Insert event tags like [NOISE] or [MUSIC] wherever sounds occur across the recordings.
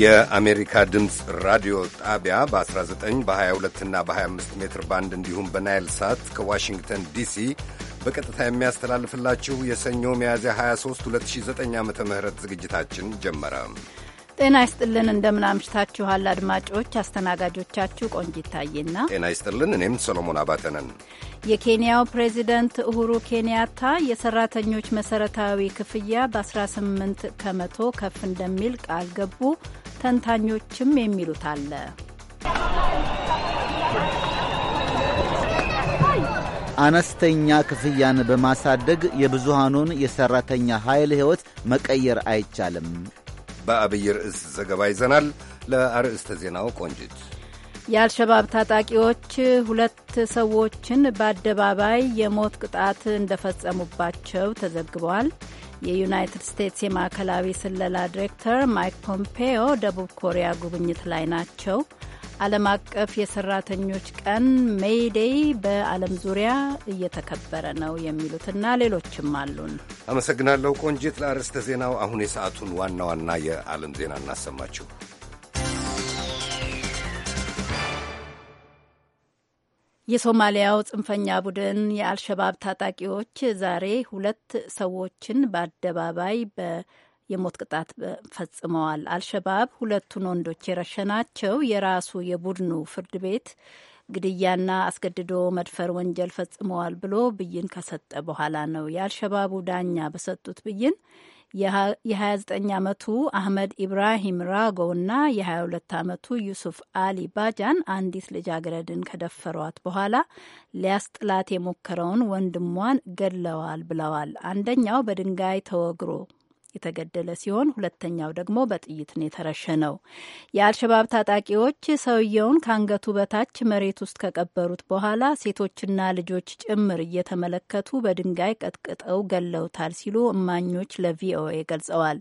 የአሜሪካ ድምፅ ራዲዮ ጣቢያ በ19 በ22 እና በ25 ሜትር ባንድ እንዲሁም በናይል ሳት ከዋሽንግተን ዲሲ በቀጥታ የሚያስተላልፍላችሁ የሰኞ ሚያዝያ 23 2009 ዓ ም ዝግጅታችን ጀመረ። ጤና ይስጥልን እንደምን አምሽታችኋል አድማጮች። አስተናጋጆቻችሁ ቆንጂት ታዬና ጤና ይስጥልን እኔም ሰሎሞን አባተ ነን። የኬንያው ፕሬዚደንት እሁሩ ኬንያታ የሰራተኞች መሰረታዊ ክፍያ በ18 ከመቶ ከፍ እንደሚል ቃል ገቡ። ተንታኞችም የሚሉት አለ። አነስተኛ ክፍያን በማሳደግ የብዙሃኑን የሰራተኛ ኃይል ሕይወት መቀየር አይቻልም። በአብይ ርዕስ ዘገባ ይዘናል። ለአርዕስተ ዜናው ቆንጅት። የአልሸባብ ታጣቂዎች ሁለት ሰዎችን በአደባባይ የሞት ቅጣት እንደፈጸሙባቸው ተዘግበዋል። የዩናይትድ ስቴትስ የማዕከላዊ ስለላ ዲሬክተር ማይክ ፖምፔዮ ደቡብ ኮሪያ ጉብኝት ላይ ናቸው። ዓለም አቀፍ የሰራተኞች ቀን ሜይዴይ በዓለም ዙሪያ እየተከበረ ነው የሚሉትና ሌሎችም አሉን። አመሰግናለሁ ቆንጂት ለአርዕስተ ዜናው። አሁን የሰዓቱን ዋና ዋና የዓለም ዜና እናሰማችሁ። የሶማሊያው ጽንፈኛ ቡድን የአልሸባብ ታጣቂዎች ዛሬ ሁለት ሰዎችን በአደባባይ በ የሞት ቅጣት ፈጽመዋል። አልሸባብ ሁለቱን ወንዶች የረሸናቸው የራሱ የቡድኑ ፍርድ ቤት ግድያና አስገድዶ መድፈር ወንጀል ፈጽመዋል ብሎ ብይን ከሰጠ በኋላ ነው። የአልሸባቡ ዳኛ በሰጡት ብይን የ29 ዓመቱ አህመድ ኢብራሂም ራጎ እና የ22 ዓመቱ ዩሱፍ አሊ ባጃን አንዲት ልጃገረድን ከደፈሯት በኋላ ሊያስጥላት የሞከረውን ወንድሟን ገድለዋል ብለዋል። አንደኛው በድንጋይ ተወግሮ የተገደለ ሲሆን ሁለተኛው ደግሞ በጥይት ነው የተረሸነው። የአልሸባብ ታጣቂዎች ሰውየውን ከአንገቱ በታች መሬት ውስጥ ከቀበሩት በኋላ ሴቶችና ልጆች ጭምር እየተመለከቱ በድንጋይ ቀጥቅጠው ገለውታል ሲሉ እማኞች ለቪኦኤ ገልጸዋል።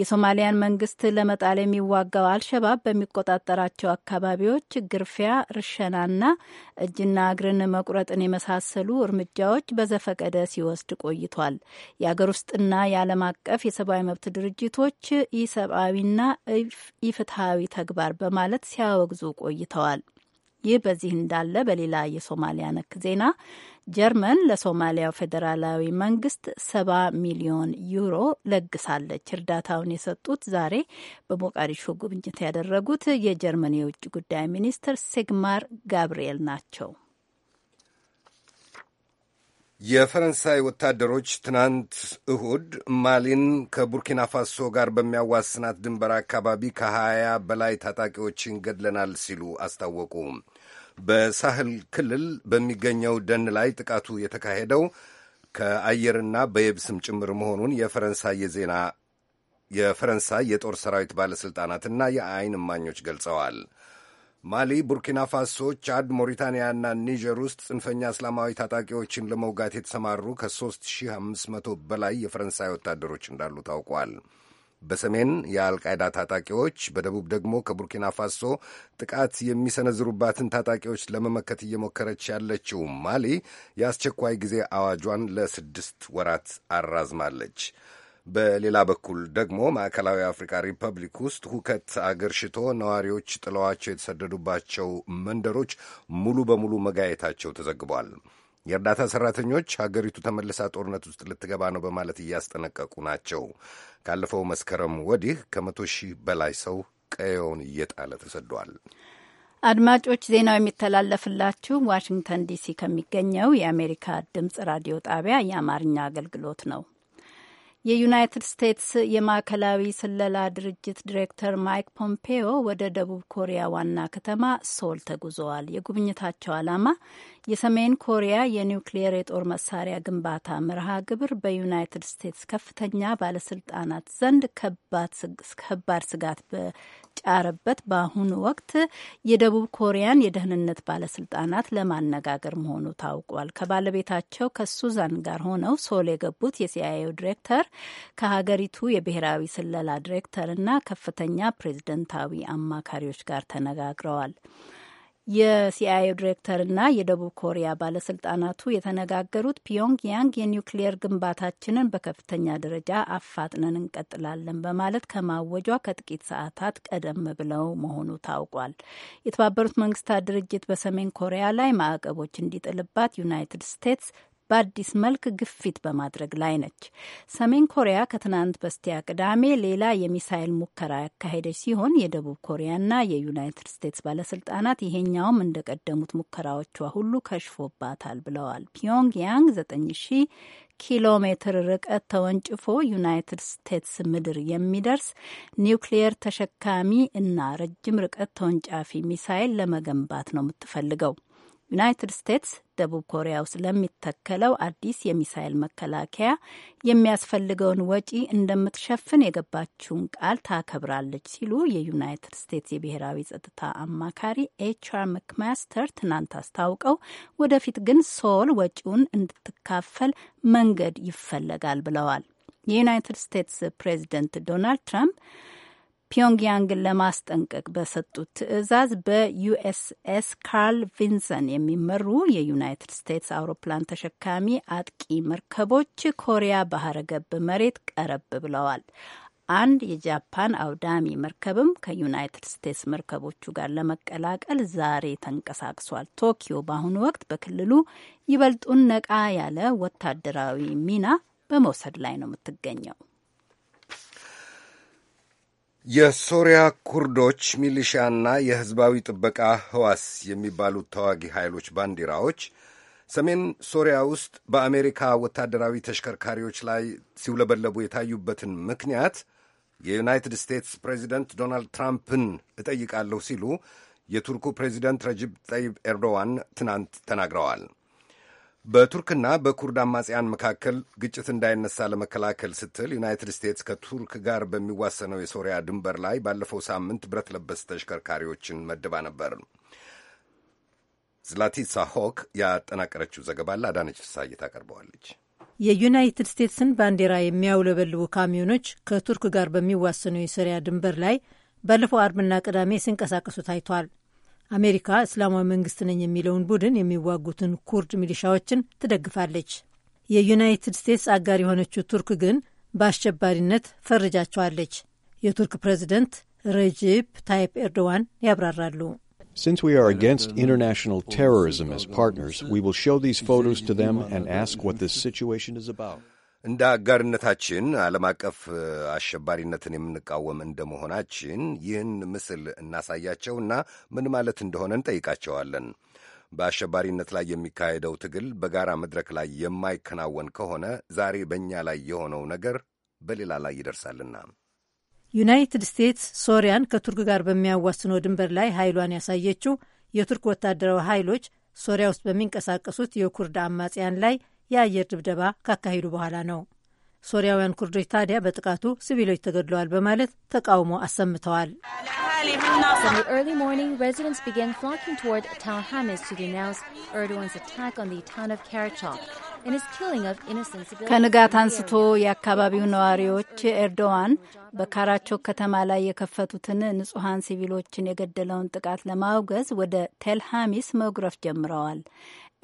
የሶማሊያን መንግስት ለመጣል የሚዋጋው አልሸባብ በሚቆጣጠራቸው አካባቢዎች ግርፊያ፣ ርሸናና እጅና እግርን መቁረጥን የመሳሰሉ እርምጃዎች በዘፈቀደ ሲወስድ ቆይቷል። የአገር ውስጥና የዓለም አቀፍ የሰብአዊ መብት ድርጅቶች ኢሰብአዊና ኢፍትሐዊ ተግባር በማለት ሲያወግዙ ቆይተዋል። ይህ በዚህ እንዳለ በሌላ የሶማሊያ ነክ ዜና ጀርመን ለሶማሊያው ፌዴራላዊ መንግስት ሰባ ሚሊዮን ዩሮ ለግሳለች። እርዳታውን የሰጡት ዛሬ በሞቃዲሾ ጉብኝት ያደረጉት የጀርመን የውጭ ጉዳይ ሚኒስትር ሲግማር ጋብርኤል ናቸው። የፈረንሳይ ወታደሮች ትናንት እሁድ ማሊን ከቡርኪና ፋሶ ጋር በሚያዋስናት ድንበር አካባቢ ከሀያ በላይ ታጣቂዎችን ገድለናል ሲሉ አስታወቁ። በሳህል ክልል በሚገኘው ደን ላይ ጥቃቱ የተካሄደው ከአየርና በየብስም ጭምር መሆኑን የፈረንሳይ የዜና የፈረንሳይ የጦር ሰራዊት ባለሥልጣናትና የአይን እማኞች ገልጸዋል። ማሊ፣ ቡርኪና ፋሶ፣ ቻድ፣ ሞሪታንያና ኒጀር ውስጥ ጽንፈኛ እስላማዊ ታጣቂዎችን ለመውጋት የተሰማሩ ከ3500 በላይ የፈረንሳይ ወታደሮች እንዳሉ ታውቋል። በሰሜን የአልቃይዳ ታጣቂዎች፣ በደቡብ ደግሞ ከቡርኪና ፋሶ ጥቃት የሚሰነዝሩባትን ታጣቂዎች ለመመከት እየሞከረች ያለችው ማሊ የአስቸኳይ ጊዜ አዋጇን ለስድስት ወራት አራዝማለች። በሌላ በኩል ደግሞ ማዕከላዊ አፍሪካ ሪፐብሊክ ውስጥ ሁከት አገርሽቶ ነዋሪዎች ጥለዋቸው የተሰደዱባቸው መንደሮች ሙሉ በሙሉ መጋየታቸው ተዘግቧል። የእርዳታ ሰራተኞች ሀገሪቱ ተመልሳ ጦርነት ውስጥ ልትገባ ነው በማለት እያስጠነቀቁ ናቸው። ካለፈው መስከረም ወዲህ ከመቶ ሺህ በላይ ሰው ቀየውን እየጣለ ተሰዷል። አድማጮች ዜናው የሚተላለፍላችሁ ዋሽንግተን ዲሲ ከሚገኘው የአሜሪካ ድምጽ ራዲዮ ጣቢያ የአማርኛ አገልግሎት ነው። የዩናይትድ ስቴትስ የማዕከላዊ ስለላ ድርጅት ዲሬክተር ማይክ ፖምፔዮ ወደ ደቡብ ኮሪያ ዋና ከተማ ሶል ተጉዘዋል። የጉብኝታቸው ዓላማ የሰሜን ኮሪያ የኒውክሌየር የጦር መሳሪያ ግንባታ መርሃ ግብር በዩናይትድ ስቴትስ ከፍተኛ ባለስልጣናት ዘንድ ከባድ ስጋት በጫረበት በአሁኑ ወቅት የደቡብ ኮሪያን የደህንነት ባለስልጣናት ለማነጋገር መሆኑ ታውቋል። ከባለቤታቸው ከሱዛን ጋር ሆነው ሶል የገቡት የሲአይኤው ዲሬክተር ከሀገሪቱ የብሔራዊ ስለላ ዲሬክተር እና ከፍተኛ ፕሬዝደንታዊ አማካሪዎች ጋር ተነጋግረዋል። የሲአይኤ ዲሬክተርና የደቡብ ኮሪያ ባለስልጣናቱ የተነጋገሩት ፒዮንግያንግ የኒውክሌየር ግንባታችንን በከፍተኛ ደረጃ አፋጥነን እንቀጥላለን በማለት ከማወጇ ከጥቂት ሰዓታት ቀደም ብለው መሆኑ ታውቋል። የተባበሩት መንግስታት ድርጅት በሰሜን ኮሪያ ላይ ማዕቀቦች እንዲጥልባት ዩናይትድ ስቴትስ በአዲስ መልክ ግፊት በማድረግ ላይ ነች። ሰሜን ኮሪያ ከትናንት በስቲያ ቅዳሜ ሌላ የሚሳይል ሙከራ ያካሄደች ሲሆን የደቡብ ኮሪያና የዩናይትድ ስቴትስ ባለስልጣናት ይሄኛውም እንደቀደሙት ሙከራዎቿ ሁሉ ከሽፎባታል ብለዋል። ፒዮንግያንግ 9000 ኪሎ ሜትር ርቀት ተወንጭፎ ዩናይትድ ስቴትስ ምድር የሚደርስ ኒውክሊየር ተሸካሚ እና ረጅም ርቀት ተወንጫፊ ሚሳይል ለመገንባት ነው የምትፈልገው። ዩናይትድ ስቴትስ ደቡብ ኮሪያ ውስጥ ለሚተከለው አዲስ የሚሳይል መከላከያ የሚያስፈልገውን ወጪ እንደምትሸፍን የገባችውን ቃል ታከብራለች ሲሉ የዩናይትድ ስቴትስ የብሔራዊ ጸጥታ አማካሪ ኤችአር መክማስተር ትናንት አስታውቀው፣ ወደፊት ግን ሶል ወጪውን እንድትካፈል መንገድ ይፈለጋል ብለዋል። የዩናይትድ ስቴትስ ፕሬዚደንት ዶናልድ ትራምፕ ፒዮንግያንግን ለማስጠንቀቅ በሰጡት ትዕዛዝ በዩኤስኤስ ካርል ቪንሰን የሚመሩ የዩናይትድ ስቴትስ አውሮፕላን ተሸካሚ አጥቂ መርከቦች ኮሪያ ባህረ ገብ መሬት ቀረብ ብለዋል። አንድ የጃፓን አውዳሚ መርከብም ከዩናይትድ ስቴትስ መርከቦቹ ጋር ለመቀላቀል ዛሬ ተንቀሳቅሷል። ቶኪዮ በአሁኑ ወቅት በክልሉ ይበልጡን ነቃ ያለ ወታደራዊ ሚና በመውሰድ ላይ ነው የምትገኘው። የሶሪያ ኩርዶች ሚሊሺያና የሕዝባዊ ጥበቃ ህዋስ የሚባሉት ተዋጊ ኃይሎች ባንዲራዎች ሰሜን ሶሪያ ውስጥ በአሜሪካ ወታደራዊ ተሽከርካሪዎች ላይ ሲውለበለቡ የታዩበትን ምክንያት የዩናይትድ ስቴትስ ፕሬዚደንት ዶናልድ ትራምፕን እጠይቃለሁ ሲሉ የቱርኩ ፕሬዚደንት ረጅብ ጠይብ ኤርዶዋን ትናንት ተናግረዋል። በቱርክና በኩርድ አማጽያን መካከል ግጭት እንዳይነሳ ለመከላከል ስትል ዩናይትድ ስቴትስ ከቱርክ ጋር በሚዋሰነው የሶሪያ ድንበር ላይ ባለፈው ሳምንት ብረት ለበስ ተሽከርካሪዎችን መድባ ነበር። ዝላቲሳ ሆክ ያጠናቀረችው ዘገባ ለአዳነች ፍሳዬ ታቀርበዋለች። የዩናይትድ ስቴትስን ባንዲራ የሚያውለበልቡ ካሚዮኖች ከቱርክ ጋር በሚዋሰነው የሶሪያ ድንበር ላይ ባለፈው አርብና ቅዳሜ ሲንቀሳቀሱ ታይቷል። አሜሪካ እስላማዊ መንግስት ነኝ የሚለውን ቡድን የሚዋጉትን ኩርድ ሚሊሻዎችን ትደግፋለች። የዩናይትድ ስቴትስ አጋር የሆነችው ቱርክ ግን በአሸባሪነት ፈርጃቸዋለች። የቱርክ ፕሬዚደንት ረጂፕ ታይፕ ኤርዶዋን ያብራራሉ። Since we are against international terrorism as partners, we will show these photos to them and ask what this situation is about. እንደ አጋርነታችን ዓለም አቀፍ አሸባሪነትን የምንቃወም እንደመሆናችን ይህን ምስል እናሳያቸውና ምን ማለት እንደሆነ እንጠይቃቸዋለን። በአሸባሪነት ላይ የሚካሄደው ትግል በጋራ መድረክ ላይ የማይከናወን ከሆነ ዛሬ በእኛ ላይ የሆነው ነገር በሌላ ላይ ይደርሳልና። ዩናይትድ ስቴትስ ሶሪያን ከቱርክ ጋር በሚያዋስነው ድንበር ላይ ኃይሏን ያሳየችው የቱርክ ወታደራዊ ኃይሎች ሶሪያ ውስጥ በሚንቀሳቀሱት የኩርድ አማጽያን ላይ የአየር ድብደባ ካካሄዱ በኋላ ነው። ሶሪያውያን ኩርዶች ታዲያ በጥቃቱ ሲቪሎች ተገድለዋል በማለት ተቃውሞ አሰምተዋል። ከንጋት አንስቶ የአካባቢው ነዋሪዎች ኤርዶዋን በካራቾክ ከተማ ላይ የከፈቱትን ንጹሐን ሲቪሎችን የገደለውን ጥቃት ለማውገዝ ወደ ቴልሃሚስ መጉረፍ ጀምረዋል።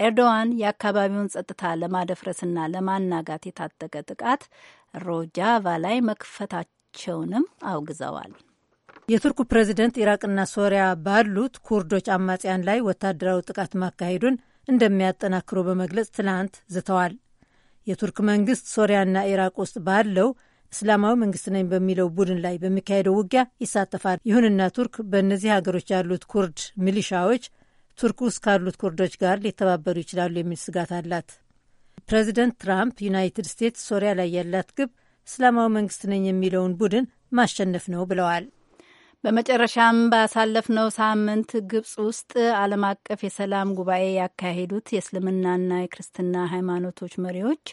ኤርዶዋን የአካባቢውን ጸጥታ ለማደፍረስና ለማናጋት የታጠቀ ጥቃት ሮጃቫ ላይ መክፈታቸውንም አውግዘዋል። የቱርኩ ፕሬዚደንት ኢራቅና ሶሪያ ባሉት ኩርዶች አማጽያን ላይ ወታደራዊ ጥቃት ማካሄዱን እንደሚያጠናክሩ በመግለጽ ትናንት ዝተዋል። የቱርክ መንግስት ሶሪያና ኢራቅ ውስጥ ባለው እስላማዊ መንግስት ነኝ በሚለው ቡድን ላይ በሚካሄደው ውጊያ ይሳተፋል። ይሁንና ቱርክ በእነዚህ ሀገሮች ያሉት ኩርድ ሚሊሻዎች ቱርክ ውስጥ ካሉት ኩርዶች ጋር ሊተባበሩ ይችላሉ የሚል ስጋት አላት። ፕሬዚደንት ትራምፕ ዩናይትድ ስቴትስ ሶሪያ ላይ ያላት ግብ እስላማዊ መንግስት ነኝ የሚለውን ቡድን ማሸነፍ ነው ብለዋል። በመጨረሻም ባሳለፍነው ሳምንት ግብጽ ውስጥ ዓለም አቀፍ የሰላም ጉባኤ ያካሄዱት የእስልምናና የክርስትና ሃይማኖቶች መሪዎች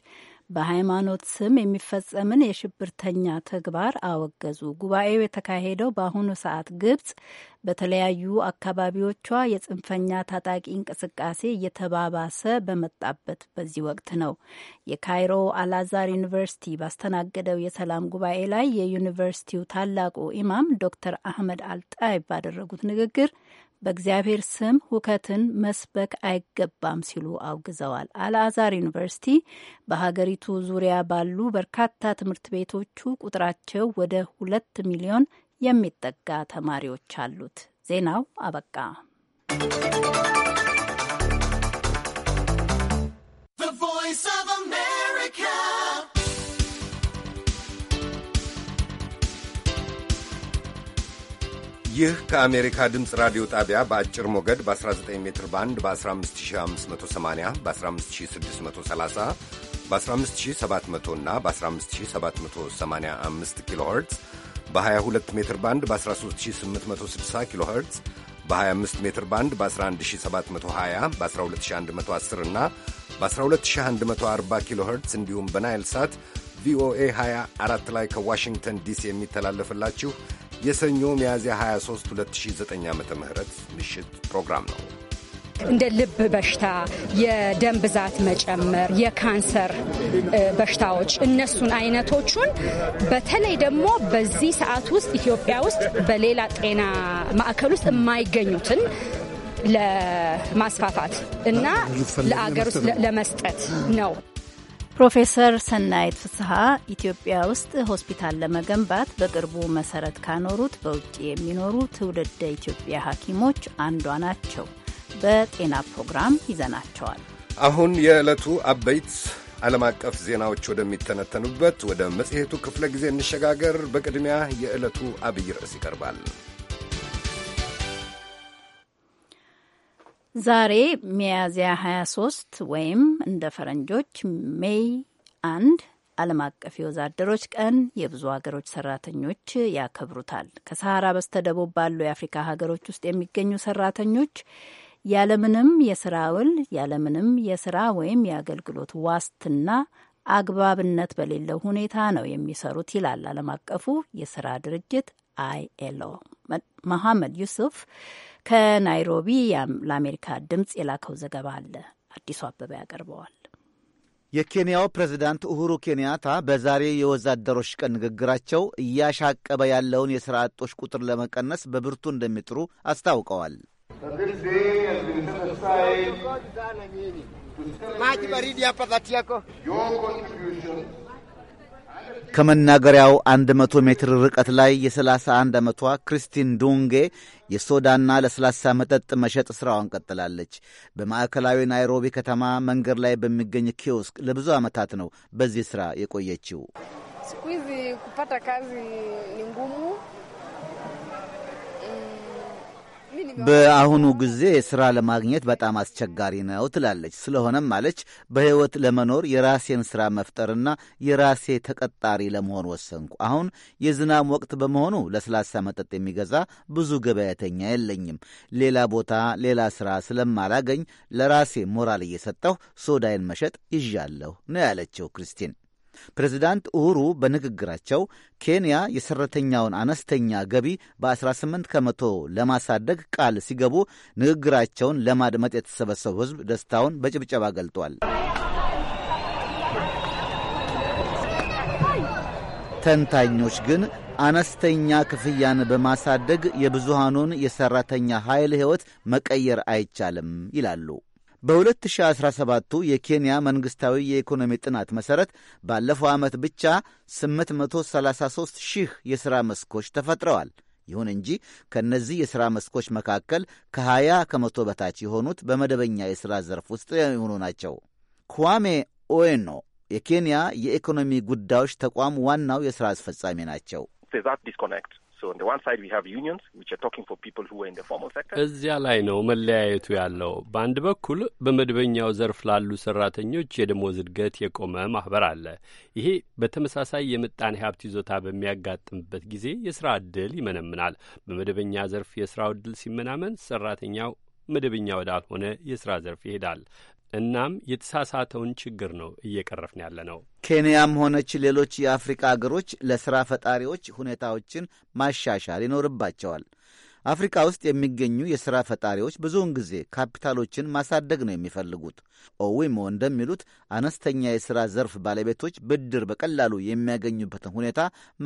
በሃይማኖት ስም የሚፈጸምን የሽብርተኛ ተግባር አወገዙ። ጉባኤው የተካሄደው በአሁኑ ሰዓት ግብጽ በተለያዩ አካባቢዎቿ የጽንፈኛ ታጣቂ እንቅስቃሴ እየተባባሰ በመጣበት በዚህ ወቅት ነው። የካይሮ አልአዛር ዩኒቨርሲቲ ባስተናገደው የሰላም ጉባኤ ላይ የዩኒቨርሲቲው ታላቁ ኢማም ዶክተር አህመድ አልጣይ ባደረጉት ንግግር በእግዚአብሔር ስም ሁከትን መስበክ አይገባም ሲሉ አውግዘዋል። አልአዛር ዩኒቨርሲቲ በሀገሪቱ ዙሪያ ባሉ በርካታ ትምህርት ቤቶቹ ቁጥራቸው ወደ ሁለት ሚሊዮን የሚጠጋ ተማሪዎች አሉት። ዜናው አበቃ። ይህ ከአሜሪካ ድምፅ ራዲዮ ጣቢያ በአጭር ሞገድ በ19 ሜትር ባንድ በ15580 በ15630 በ15700 እና በ15785 ኪሎ ኸርትዝ በ22 ሜትር ባንድ በ13860 ኪሎ ኸርትዝ በ25 ሜትር ባንድ በ11720 በ12110 እና በ12140 ኪሎ ኸርትዝ እንዲሁም በናይል ሳት ቪኦኤ 24 ላይ ከዋሽንግተን ዲሲ የሚተላለፍላችሁ የሰኞ ሚያዝያ 23 2009 ዓ ም ምሽት ፕሮግራም ነው። እንደ ልብ በሽታ፣ የደም ብዛት መጨመር፣ የካንሰር በሽታዎች እነሱን አይነቶቹን በተለይ ደግሞ በዚህ ሰዓት ውስጥ ኢትዮጵያ ውስጥ በሌላ ጤና ማዕከል ውስጥ የማይገኙትን ለማስፋፋት እና ለአገር ውስጥ ለመስጠት ነው። ፕሮፌሰር ሰናይት ፍስሀ ኢትዮጵያ ውስጥ ሆስፒታል ለመገንባት በቅርቡ መሰረት ካኖሩት በውጭ የሚኖሩ ትውልደ ኢትዮጵያ ሐኪሞች አንዷ ናቸው። በጤና ፕሮግራም ይዘናቸዋል። አሁን የዕለቱ አበይት ዓለም አቀፍ ዜናዎች ወደሚተነተኑበት ወደ መጽሔቱ ክፍለ ጊዜ እንሸጋገር። በቅድሚያ የዕለቱ አብይ ርዕስ ይቀርባል። ዛሬ ሚያዝያ 23 ወይም እንደ ፈረንጆች ሜይ አንድ ዓለም አቀፍ የወዛደሮች ቀን የብዙ ሀገሮች ሰራተኞች ያከብሩታል። ከሰሃራ በስተደቡብ ባሉ የአፍሪካ ሀገሮች ውስጥ የሚገኙ ሰራተኞች ያለምንም የስራ ውል ያለምንም የስራ ወይም የአገልግሎት ዋስትና አግባብነት በሌለው ሁኔታ ነው የሚሰሩት ይላል ዓለም አቀፉ የስራ ድርጅት አይኤልኦ። መሐመድ ዩሱፍ ከናይሮቢ ለአሜሪካ ድምፅ የላከው ዘገባ አለ። አዲሱ አበበ ያቀርበዋል። የኬንያው ፕሬዝዳንት ኡሁሩ ኬንያታ በዛሬ የወዛደሮች ቀን ንግግራቸው እያሻቀበ ያለውን የሥራ አጦች ቁጥር ለመቀነስ በብርቱ እንደሚጥሩ አስታውቀዋል። ከመናገሪያው 100 ሜትር ርቀት ላይ የ31 ዓመቷ ክሪስቲን ዱንጌ የሶዳና ለስላሳ መጠጥ መሸጥ ሥራዋን ቀጥላለች። በማዕከላዊ ናይሮቢ ከተማ መንገድ ላይ በሚገኝ ኪዮስክ ለብዙ ዓመታት ነው በዚህ ሥራ የቆየችው። በአሁኑ ጊዜ ስራ ለማግኘት በጣም አስቸጋሪ ነው ትላለች። ስለሆነም ማለች በህይወት ለመኖር የራሴን ስራ መፍጠርና የራሴ ተቀጣሪ ለመሆን ወሰንኩ። አሁን የዝናብ ወቅት በመሆኑ ለስላሳ መጠጥ የሚገዛ ብዙ ገበያተኛ የለኝም። ሌላ ቦታ ሌላ ስራ ስለማላገኝ ለራሴ ሞራል እየሰጠሁ ሶዳይን መሸጥ ይዣለሁ ነው ያለችው ክርስቲን። ፕሬዚዳንት ኡሁሩ በንግግራቸው ኬንያ የሰራተኛውን አነስተኛ ገቢ በ18 ከመቶ ለማሳደግ ቃል ሲገቡ ንግግራቸውን ለማድመጥ የተሰበሰበው ሕዝብ ደስታውን በጭብጨባ ገልጧል። ተንታኞች ግን አነስተኛ ክፍያን በማሳደግ የብዙሃኑን የሰራተኛ ኃይል ሕይወት መቀየር አይቻልም ይላሉ። በ2017 የኬንያ መንግሥታዊ የኢኮኖሚ ጥናት መሠረት ባለፈው ዓመት ብቻ 833 ሺህ የሥራ መስኮች ተፈጥረዋል። ይሁን እንጂ ከእነዚህ የሥራ መስኮች መካከል ከ20 ከመቶ በታች የሆኑት በመደበኛ የሥራ ዘርፍ ውስጥ የሆኑ ናቸው። ኳሜ ኦዌኖ የኬንያ የኢኮኖሚ ጉዳዮች ተቋም ዋናው የሥራ አስፈጻሚ ናቸው። እዚያ ላይ ነው መለያየቱ ያለው። በአንድ በኩል በመደበኛው ዘርፍ ላሉ ሰራተኞች የደሞዝ እድገት የቆመ ማህበር አለ። ይሄ በተመሳሳይ የምጣኔ ሀብት ይዞታ በሚያጋጥምበት ጊዜ የስራ ዕድል ይመነምናል። በመደበኛ ዘርፍ የስራው ዕድል ሲመናመን ሰራተኛው መደበኛ ወዳልሆነ የስራ ዘርፍ ይሄዳል። እናም የተሳሳተውን ችግር ነው እየቀረፍን ያለ ነው። ኬንያም ሆነች ሌሎች የአፍሪካ አገሮች ለሥራ ፈጣሪዎች ሁኔታዎችን ማሻሻል ይኖርባቸዋል። አፍሪካ ውስጥ የሚገኙ የሥራ ፈጣሪዎች ብዙውን ጊዜ ካፒታሎችን ማሳደግ ነው የሚፈልጉት። ኦዊሞ እንደሚሉት አነስተኛ የሥራ ዘርፍ ባለቤቶች ብድር በቀላሉ የሚያገኙበትን ሁኔታ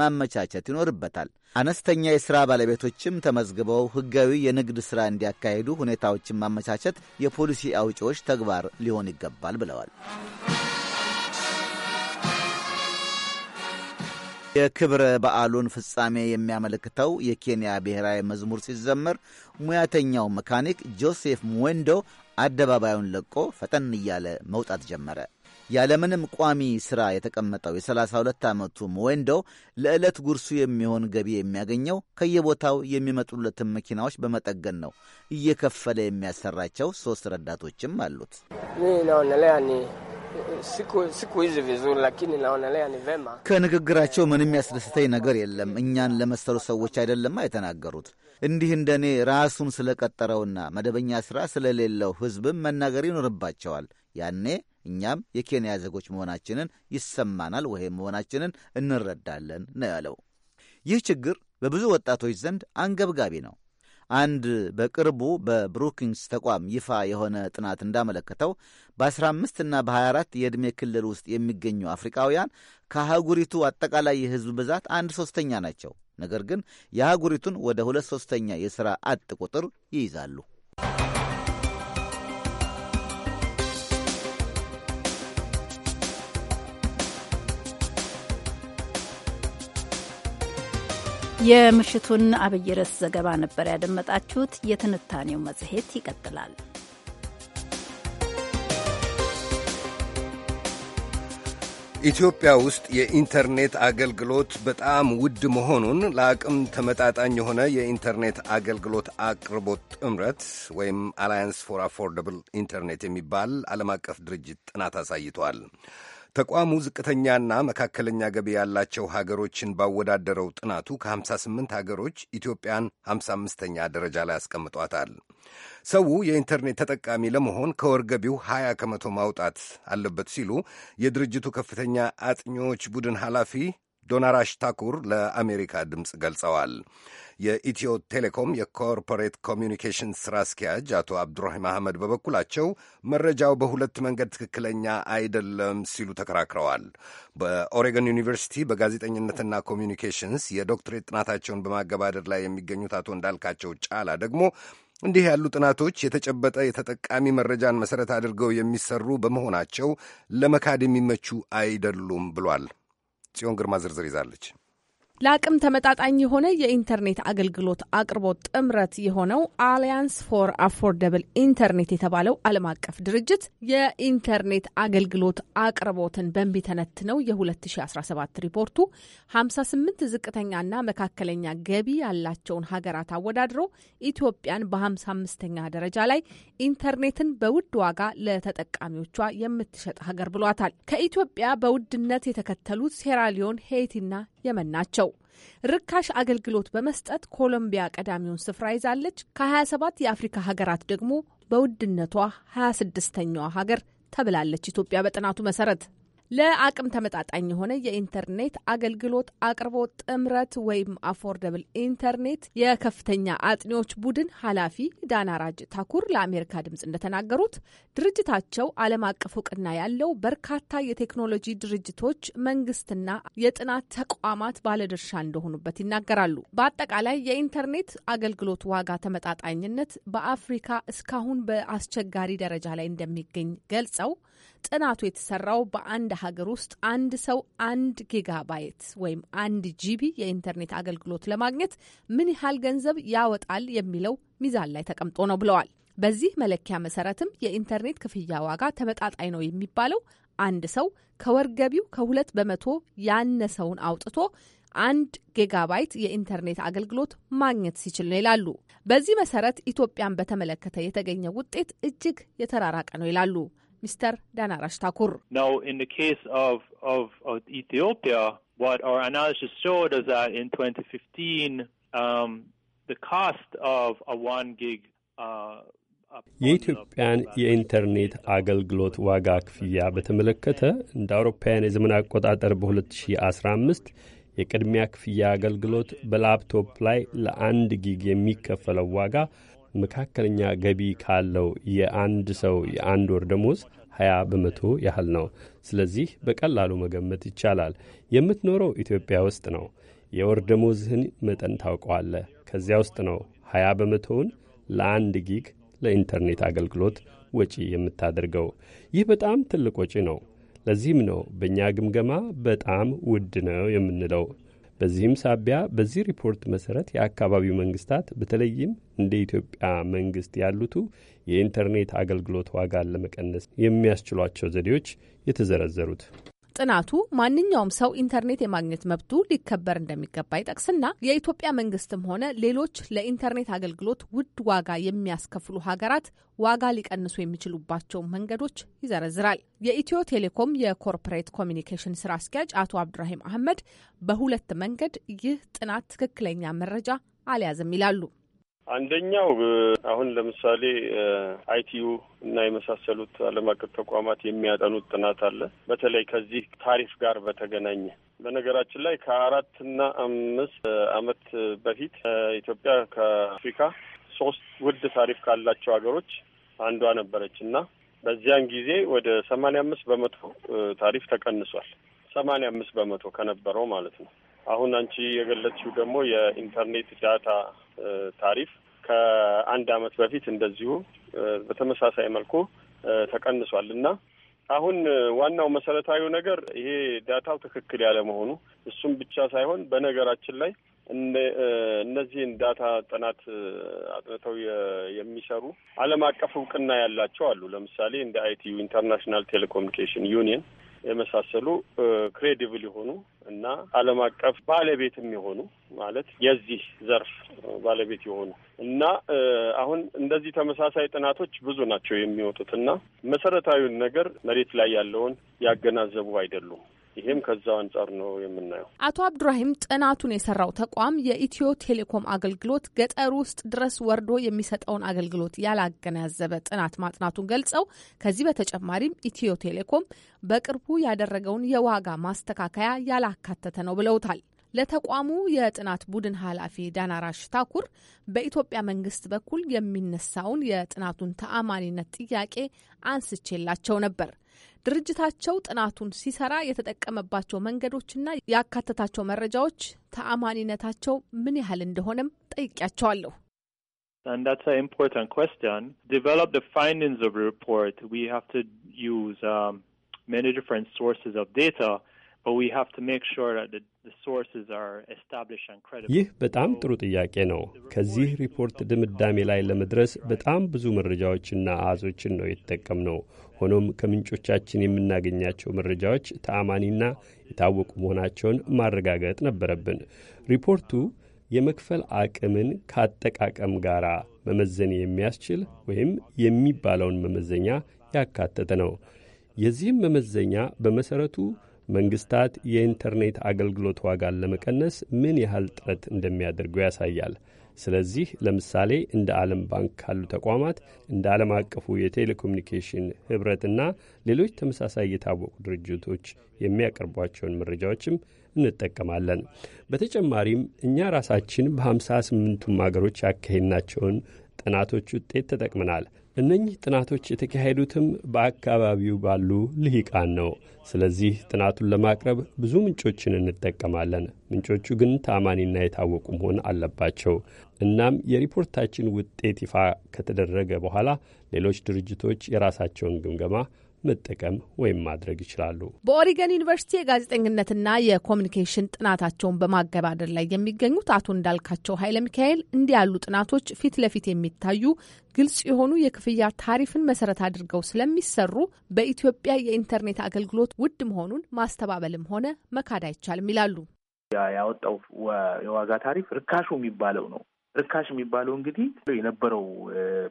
ማመቻቸት ይኖርበታል። አነስተኛ የሥራ ባለቤቶችም ተመዝግበው ሕጋዊ የንግድ ሥራ እንዲያካሂዱ ሁኔታዎችን ማመቻቸት የፖሊሲ አውጪዎች ተግባር ሊሆን ይገባል ብለዋል። የክብረ በዓሉን ፍጻሜ የሚያመለክተው የኬንያ ብሔራዊ መዝሙር ሲዘመር ሙያተኛው መካኒክ ጆሴፍ ሙዌንዶ አደባባዩን ለቆ ፈጠን እያለ መውጣት ጀመረ። ያለምንም ቋሚ ሥራ የተቀመጠው የ32 ዓመቱ ሙዌንዶ ለዕለት ጉርሱ የሚሆን ገቢ የሚያገኘው ከየቦታው የሚመጡለትን መኪናዎች በመጠገን ነው። እየከፈለ የሚያሰራቸው ሦስት ረዳቶችም አሉት። siku siku hizi vizuri, lakini naonelea ni vema. ከንግግራቸው ምንም ያስደስተኝ ነገር የለም። እኛን ለመሰሉ ሰዎች አይደለማ የተናገሩት። እንዲህ እንደ እኔ ራሱን ስለቀጠረውና መደበኛ ሥራ ስለሌለው ሕዝብም መናገር ይኖርባቸዋል። ያኔ እኛም የኬንያ ዜጎች መሆናችንን ይሰማናል ወይም መሆናችንን እንረዳለን ነው ያለው። ይህ ችግር በብዙ ወጣቶች ዘንድ አንገብጋቢ ነው። አንድ በቅርቡ በብሩኪንግስ ተቋም ይፋ የሆነ ጥናት እንዳመለከተው በ15 እና በ24 የዕድሜ ክልል ውስጥ የሚገኙ አፍሪካውያን ከአህጉሪቱ አጠቃላይ የህዝብ ብዛት አንድ ሦስተኛ ናቸው። ነገር ግን የአህጉሪቱን ወደ ሁለት ሦስተኛ የሥራ አጥ ቁጥር ይይዛሉ። የምሽቱን አብይ ርዕስ ዘገባ ነበር ያደመጣችሁት። የትንታኔው መጽሔት ይቀጥላል። ኢትዮጵያ ውስጥ የኢንተርኔት አገልግሎት በጣም ውድ መሆኑን ለአቅም ተመጣጣኝ የሆነ የኢንተርኔት አገልግሎት አቅርቦት ጥምረት ወይም አላያንስ ፎር አፎርደብል ኢንተርኔት የሚባል ዓለም አቀፍ ድርጅት ጥናት አሳይቷል። ተቋሙ ዝቅተኛና መካከለኛ ገቢ ያላቸው ሀገሮችን ባወዳደረው ጥናቱ ከ58 ሀገሮች ኢትዮጵያን 55ኛ ደረጃ ላይ አስቀምጧታል። ሰው የኢንተርኔት ተጠቃሚ ለመሆን ከወር ገቢው 20 ከመቶ ማውጣት አለበት ሲሉ የድርጅቱ ከፍተኛ አጥኚዎች ቡድን ኃላፊ ዶናራሽ ታኩር ለአሜሪካ ድምፅ ገልጸዋል። የኢትዮ ቴሌኮም የኮርፖሬት ኮሚኒኬሽን ስራ አስኪያጅ አቶ አብዱራሂም አህመድ በበኩላቸው መረጃው በሁለት መንገድ ትክክለኛ አይደለም ሲሉ ተከራክረዋል። በኦሬገን ዩኒቨርሲቲ በጋዜጠኝነትና ኮሚዩኒኬሽንስ የዶክትሬት ጥናታቸውን በማገባደድ ላይ የሚገኙት አቶ እንዳልካቸው ጫላ ደግሞ እንዲህ ያሉ ጥናቶች የተጨበጠ የተጠቃሚ መረጃን መሰረት አድርገው የሚሰሩ በመሆናቸው ለመካድ የሚመቹ አይደሉም ብሏል። ጽዮን ግርማ ዝርዝር ይዛለች። ለአቅም ተመጣጣኝ የሆነ የኢንተርኔት አገልግሎት አቅርቦት ጥምረት የሆነው አሊያንስ ፎር አፎርደብል ኢንተርኔት የተባለው ዓለም አቀፍ ድርጅት የኢንተርኔት አገልግሎት አቅርቦትን በሚተነትነው የ2017 ሪፖርቱ 58 ዝቅተኛና መካከለኛ ገቢ ያላቸውን ሀገራት አወዳድሮ ኢትዮጵያን በ55ኛ ደረጃ ላይ ኢንተርኔትን በውድ ዋጋ ለተጠቃሚዎቿ የምትሸጥ ሀገር ብሏታል። ከኢትዮጵያ በውድነት የተከተሉት ሴራሊዮን፣ ሄይቲና የመን ናቸው። ርካሽ አገልግሎት በመስጠት ኮሎምቢያ ቀዳሚውን ስፍራ ይዛለች። ከ27 የአፍሪካ ሀገራት ደግሞ በውድነቷ 26ኛዋ ሀገር ተብላለች ኢትዮጵያ በጥናቱ መሰረት ለአቅም ተመጣጣኝ የሆነ የኢንተርኔት አገልግሎት አቅርቦት ጥምረት ወይም አፎርደብል ኢንተርኔት የከፍተኛ አጥኒዎች ቡድን ኃላፊ ዳናራጅ ታኩር ለአሜሪካ ድምፅ እንደተናገሩት ድርጅታቸው ዓለም አቀፍ እውቅና ያለው በርካታ የቴክኖሎጂ ድርጅቶች፣ መንግስትና የጥናት ተቋማት ባለድርሻ እንደሆኑበት ይናገራሉ። በአጠቃላይ የኢንተርኔት አገልግሎት ዋጋ ተመጣጣኝነት በአፍሪካ እስካሁን በአስቸጋሪ ደረጃ ላይ እንደሚገኝ ገልጸው ጥናቱ የተሰራው በአንድ ሀገር ውስጥ አንድ ሰው አንድ ጊጋባይት ወይም አንድ ጂቢ የኢንተርኔት አገልግሎት ለማግኘት ምን ያህል ገንዘብ ያወጣል የሚለው ሚዛን ላይ ተቀምጦ ነው ብለዋል። በዚህ መለኪያ መሰረትም የኢንተርኔት ክፍያ ዋጋ ተመጣጣኝ ነው የሚባለው አንድ ሰው ከወር ገቢው ከሁለት በመቶ ያነሰውን አውጥቶ አንድ ጊጋባይት የኢንተርኔት አገልግሎት ማግኘት ሲችል ነው ይላሉ። በዚህ መሰረት ኢትዮጵያን በተመለከተ የተገኘ ውጤት እጅግ የተራራቀ ነው ይላሉ። ሚስተር ዳናራሽ ታኩር um, uh, የኢትዮጵያን የኢንተርኔት አገልግሎት ዋጋ ክፍያ በተመለከተ እንደ አውሮፓውያን የዘመን አቆጣጠር በ2015 የቅድሚያ ክፍያ አገልግሎት በላፕቶፕ ላይ ለአንድ ጊግ የሚከፈለው ዋጋ መካከለኛ ገቢ ካለው የአንድ ሰው የአንድ ወር ደሞዝ 20 በመቶ ያህል ነው። ስለዚህ በቀላሉ መገመት ይቻላል። የምትኖረው ኢትዮጵያ ውስጥ ነው። የወር ደሞዝህን መጠን ታውቀዋለህ። ከዚያ ውስጥ ነው 20 በመቶውን ለአንድ ጊግ ለኢንተርኔት አገልግሎት ወጪ የምታደርገው። ይህ በጣም ትልቅ ወጪ ነው። ለዚህም ነው በእኛ ግምገማ በጣም ውድ ነው የምንለው በዚህም ሳቢያ በዚህ ሪፖርት መሰረት የአካባቢው መንግስታት በተለይም እንደ ኢትዮጵያ መንግስት ያሉቱ የኢንተርኔት አገልግሎት ዋጋን ለመቀነስ የሚያስችሏቸው ዘዴዎች የተዘረዘሩት ጥናቱ ማንኛውም ሰው ኢንተርኔት የማግኘት መብቱ ሊከበር እንደሚገባ ይጠቅስና የኢትዮጵያ መንግስትም ሆነ ሌሎች ለኢንተርኔት አገልግሎት ውድ ዋጋ የሚያስከፍሉ ሀገራት ዋጋ ሊቀንሱ የሚችሉባቸው መንገዶች ይዘረዝራል። የኢትዮ ቴሌኮም የኮርፖሬት ኮሚኒኬሽን ስራ አስኪያጅ አቶ አብዱራሂም አህመድ በሁለት መንገድ ይህ ጥናት ትክክለኛ መረጃ አልያዝም ይላሉ። አንደኛው አሁን ለምሳሌ አይቲዩ እና የመሳሰሉት ዓለም አቀፍ ተቋማት የሚያጠኑት ጥናት አለ። በተለይ ከዚህ ታሪፍ ጋር በተገናኘ በነገራችን ላይ ከአራትና አምስት ዓመት በፊት ኢትዮጵያ ከአፍሪካ ሶስት ውድ ታሪፍ ካላቸው ሀገሮች አንዷ ነበረች እና በዚያን ጊዜ ወደ ሰማንያ አምስት በመቶ ታሪፍ ተቀንሷል። ሰማንያ አምስት በመቶ ከነበረው ማለት ነው። አሁን አንቺ የገለጽሽው ደግሞ የኢንተርኔት ዳታ ታሪፍ ከአንድ አመት በፊት እንደዚሁ በተመሳሳይ መልኩ ተቀንሷል እና አሁን ዋናው መሰረታዊ ነገር ይሄ ዳታው ትክክል ያለ መሆኑ እሱም ብቻ ሳይሆን በነገራችን ላይ እነዚህን ዳታ ጥናት አጥንተው የሚሰሩ ዓለም አቀፍ እውቅና ያላቸው አሉ። ለምሳሌ እንደ አይቲዩ ኢንተርናሽናል ቴሌኮሙኒኬሽን ዩኒየን የመሳሰሉ ክሬዲብል የሆኑ እና ዓለም አቀፍ ባለቤትም የሆኑ ማለት የዚህ ዘርፍ ባለቤት የሆኑ እና አሁን እንደዚህ ተመሳሳይ ጥናቶች ብዙ ናቸው የሚወጡት እና መሰረታዊውን ነገር መሬት ላይ ያለውን ያገናዘቡ አይደሉም። ይህም ከዛው አንጻር ነው የምናየው። አቶ አብዱራሂም ጥናቱን የሰራው ተቋም የኢትዮ ቴሌኮም አገልግሎት ገጠር ውስጥ ድረስ ወርዶ የሚሰጠውን አገልግሎት ያላገናዘበ ጥናት ማጥናቱን ገልጸው ከዚህ በተጨማሪም ኢትዮ ቴሌኮም በቅርቡ ያደረገውን የዋጋ ማስተካከያ ያላካተተ ነው ብለውታል። ለተቋሙ የጥናት ቡድን ኃላፊ ዳናራሽ ታኩር በኢትዮጵያ መንግስት በኩል የሚነሳውን የጥናቱን ተአማኒነት ጥያቄ አንስቼላቸው ነበር። ድርጅታቸው ጥናቱን ሲሰራ የተጠቀመባቸው መንገዶችና ያካተታቸው መረጃዎች ተአማኒነታቸው ምን ያህል እንደሆነም ጠይቄያቸዋለሁ። And that's an important question. Develop the findings of the report. We have to use um, many different sources of data, but we have to make sure that the ይህ በጣም ጥሩ ጥያቄ ነው። ከዚህ ሪፖርት ድምዳሜ ላይ ለመድረስ በጣም ብዙ መረጃዎችና አሃዞችን ነው የተጠቀምነው። ሆኖም ከምንጮቻችን የምናገኛቸው መረጃዎች ተአማኒና የታወቁ መሆናቸውን ማረጋገጥ ነበረብን። ሪፖርቱ የመክፈል አቅምን ከአጠቃቀም ጋር መመዘን የሚያስችል ወይም የሚባለውን መመዘኛ ያካተተ ነው። የዚህም መመዘኛ በመሠረቱ መንግስታት የኢንተርኔት አገልግሎት ዋጋን ለመቀነስ ምን ያህል ጥረት እንደሚያደርጉ ያሳያል። ስለዚህ ለምሳሌ እንደ ዓለም ባንክ ካሉ ተቋማት እንደ ዓለም አቀፉ የቴሌኮሙኒኬሽን ኅብረትና ሌሎች ተመሳሳይ የታወቁ ድርጅቶች የሚያቀርቧቸውን መረጃዎችም እንጠቀማለን። በተጨማሪም እኛ ራሳችን በ58ቱም አገሮች ያካሄድናቸውን ጥናቶች ውጤት ተጠቅመናል። እነኚህ ጥናቶች የተካሄዱትም በአካባቢው ባሉ ልሂቃን ነው። ስለዚህ ጥናቱን ለማቅረብ ብዙ ምንጮችን እንጠቀማለን። ምንጮቹ ግን ታማኒና የታወቁ መሆን አለባቸው። እናም የሪፖርታችን ውጤት ይፋ ከተደረገ በኋላ ሌሎች ድርጅቶች የራሳቸውን ግምገማ መጠቀም ወይም ማድረግ ይችላሉ። በኦሪገን ዩኒቨርሲቲ የጋዜጠኝነትና የኮሚኒኬሽን ጥናታቸውን በማገባደር ላይ የሚገኙት አቶ እንዳልካቸው ኃይለ ሚካኤል እንዲህ ያሉ ጥናቶች ፊት ለፊት የሚታዩ ግልጽ የሆኑ የክፍያ ታሪፍን መሰረት አድርገው ስለሚሰሩ በኢትዮጵያ የኢንተርኔት አገልግሎት ውድ መሆኑን ማስተባበልም ሆነ መካድ አይቻልም ይላሉ። ያወጣው የዋጋ ታሪፍ ርካሹ የሚባለው ነው። ርካሽ የሚባለው እንግዲህ የነበረው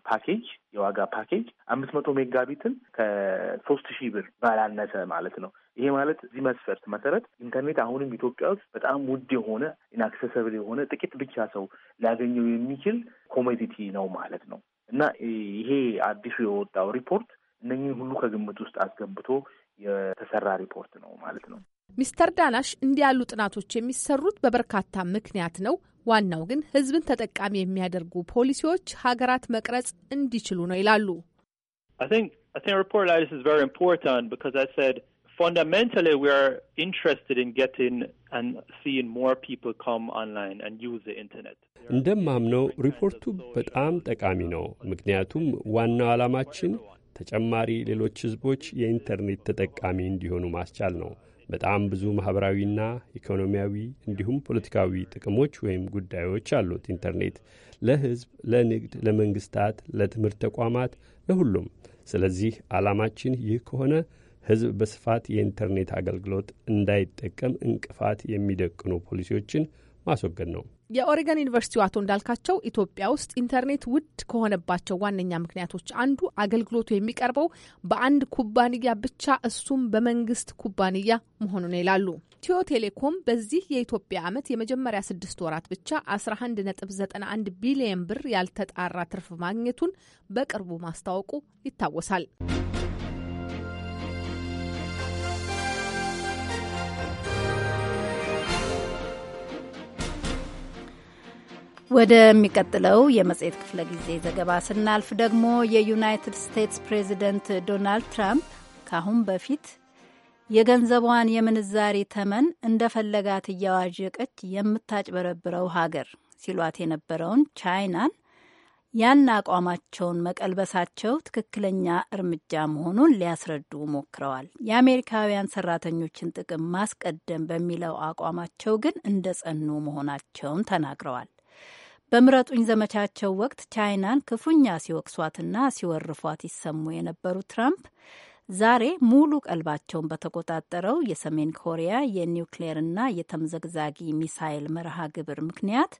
ፓኬጅ የዋጋ ፓኬጅ አምስት መቶ ሜጋቢትን ከሶስት ሺህ ብር ባላነሰ ማለት ነው። ይሄ ማለት እዚህ መስፈርት መሰረት ኢንተርኔት አሁንም ኢትዮጵያ ውስጥ በጣም ውድ የሆነ ኢንአክሰሰብል የሆነ ጥቂት ብቻ ሰው ሊያገኘው የሚችል ኮሞዲቲ ነው ማለት ነው እና ይሄ አዲሱ የወጣው ሪፖርት እነኚህን ሁሉ ከግምት ውስጥ አስገብቶ የተሰራ ሪፖርት ነው ማለት ነው። ሚስተር ዳናሽ እንዲህ ያሉ ጥናቶች የሚሰሩት በበርካታ ምክንያት ነው። ዋናው ግን ህዝብን ተጠቃሚ የሚያደርጉ ፖሊሲዎች ሀገራት መቅረጽ እንዲችሉ ነው ይላሉ። እንደማምነው ሪፖርቱ በጣም ጠቃሚ ነው። ምክንያቱም ዋናው ዓላማችን ተጨማሪ ሌሎች ህዝቦች የኢንተርኔት ተጠቃሚ እንዲሆኑ ማስቻል ነው። በጣም ብዙ ማህበራዊና ኢኮኖሚያዊ እንዲሁም ፖለቲካዊ ጥቅሞች ወይም ጉዳዮች አሉት። ኢንተርኔት ለሕዝብ፣ ለንግድ፣ ለመንግስታት፣ ለትምህርት ተቋማት፣ ለሁሉም። ስለዚህ ዓላማችን ይህ ከሆነ ሕዝብ በስፋት የኢንተርኔት አገልግሎት እንዳይጠቀም እንቅፋት የሚደቅኑ ፖሊሲዎችን ማስወገድ ነው። የኦሬገን ዩኒቨርሲቲው አቶ እንዳልካቸው ኢትዮጵያ ውስጥ ኢንተርኔት ውድ ከሆነባቸው ዋነኛ ምክንያቶች አንዱ አገልግሎቱ የሚቀርበው በአንድ ኩባንያ ብቻ እሱም በመንግስት ኩባንያ መሆኑን ይላሉ። ኢትዮ ቴሌኮም በዚህ የኢትዮጵያ ዓመት የመጀመሪያ ስድስት ወራት ብቻ 11.91 ቢሊየን ብር ያልተጣራ ትርፍ ማግኘቱን በቅርቡ ማስታወቁ ይታወሳል። ወደሚቀጥለው የመጽሔት ክፍለ ጊዜ ዘገባ ስናልፍ ደግሞ የዩናይትድ ስቴትስ ፕሬዚደንት ዶናልድ ትራምፕ ከአሁን በፊት የገንዘቧን የምንዛሪ ተመን እንደፈለጋት እያዋዠቀች የምታጭበረብረው ሀገር ሲሏት የነበረውን ቻይናን ያን አቋማቸውን መቀልበሳቸው ትክክለኛ እርምጃ መሆኑን ሊያስረዱ ሞክረዋል። የአሜሪካውያን ሰራተኞችን ጥቅም ማስቀደም በሚለው አቋማቸው ግን እንደ ጸኑ መሆናቸውን ተናግረዋል። በምረጡኝ ዘመቻቸው ወቅት ቻይናን ክፉኛ ሲወቅሷትና ሲወርፏት ይሰሙ የነበሩ ትራምፕ ዛሬ ሙሉ ቀልባቸውን በተቆጣጠረው የሰሜን ኮሪያ የኒውክሌርና የተምዘግዛጊ ሚሳይል መርሃ ግብር ምክንያት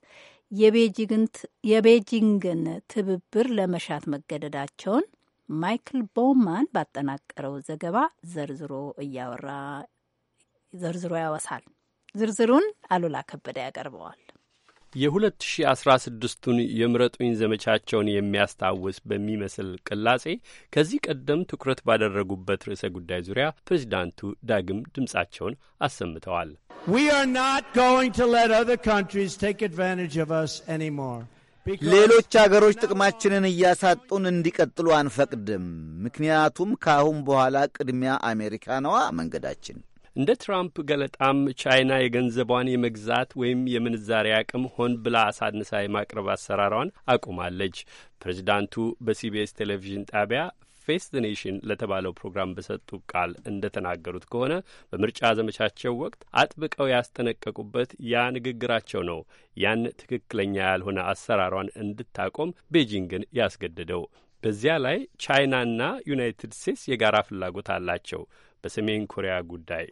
የቤጂንግን ትብብር ለመሻት መገደዳቸውን ማይክል ቦውማን ባጠናቀረው ዘገባ ዘርዝሮ እያወራ ዘርዝሮ ያወሳል። ዝርዝሩን አሉላ ከበደ ያቀርበዋል። የ2016ቱን የምረጡኝ ዘመቻቸውን የሚያስታውስ በሚመስል ቅላጼ ከዚህ ቀደም ትኩረት ባደረጉበት ርዕሰ ጉዳይ ዙሪያ ፕሬዚዳንቱ ዳግም ድምጻቸውን አሰምተዋል። ሌሎች አገሮች ጥቅማችንን እያሳጡን እንዲቀጥሉ አንፈቅድም። ምክንያቱም ከአሁን በኋላ ቅድሚያ አሜሪካ ነዋ መንገዳችን እንደ ትራምፕ ገለጣም ቻይና የገንዘቧን የመግዛት ወይም የምንዛሬ አቅም ሆን ብላ አሳንሳ የማቅረብ አሰራሯን አቁማለች። ፕሬዚዳንቱ በሲቢኤስ ቴሌቪዥን ጣቢያ ፌስ ዘ ኔሽን ለተባለው ፕሮግራም በሰጡ ቃል እንደ ተናገሩት ከሆነ በምርጫ ዘመቻቸው ወቅት አጥብቀው ያስጠነቀቁበት ያ ንግግራቸው ነው ያን ትክክለኛ ያልሆነ አሰራሯን እንድታቆም ቤጂንግን ያስገደደው። በዚያ ላይ ቻይናና ዩናይትድ ስቴትስ የጋራ ፍላጎት አላቸው በሰሜን ኮሪያ ጉዳይ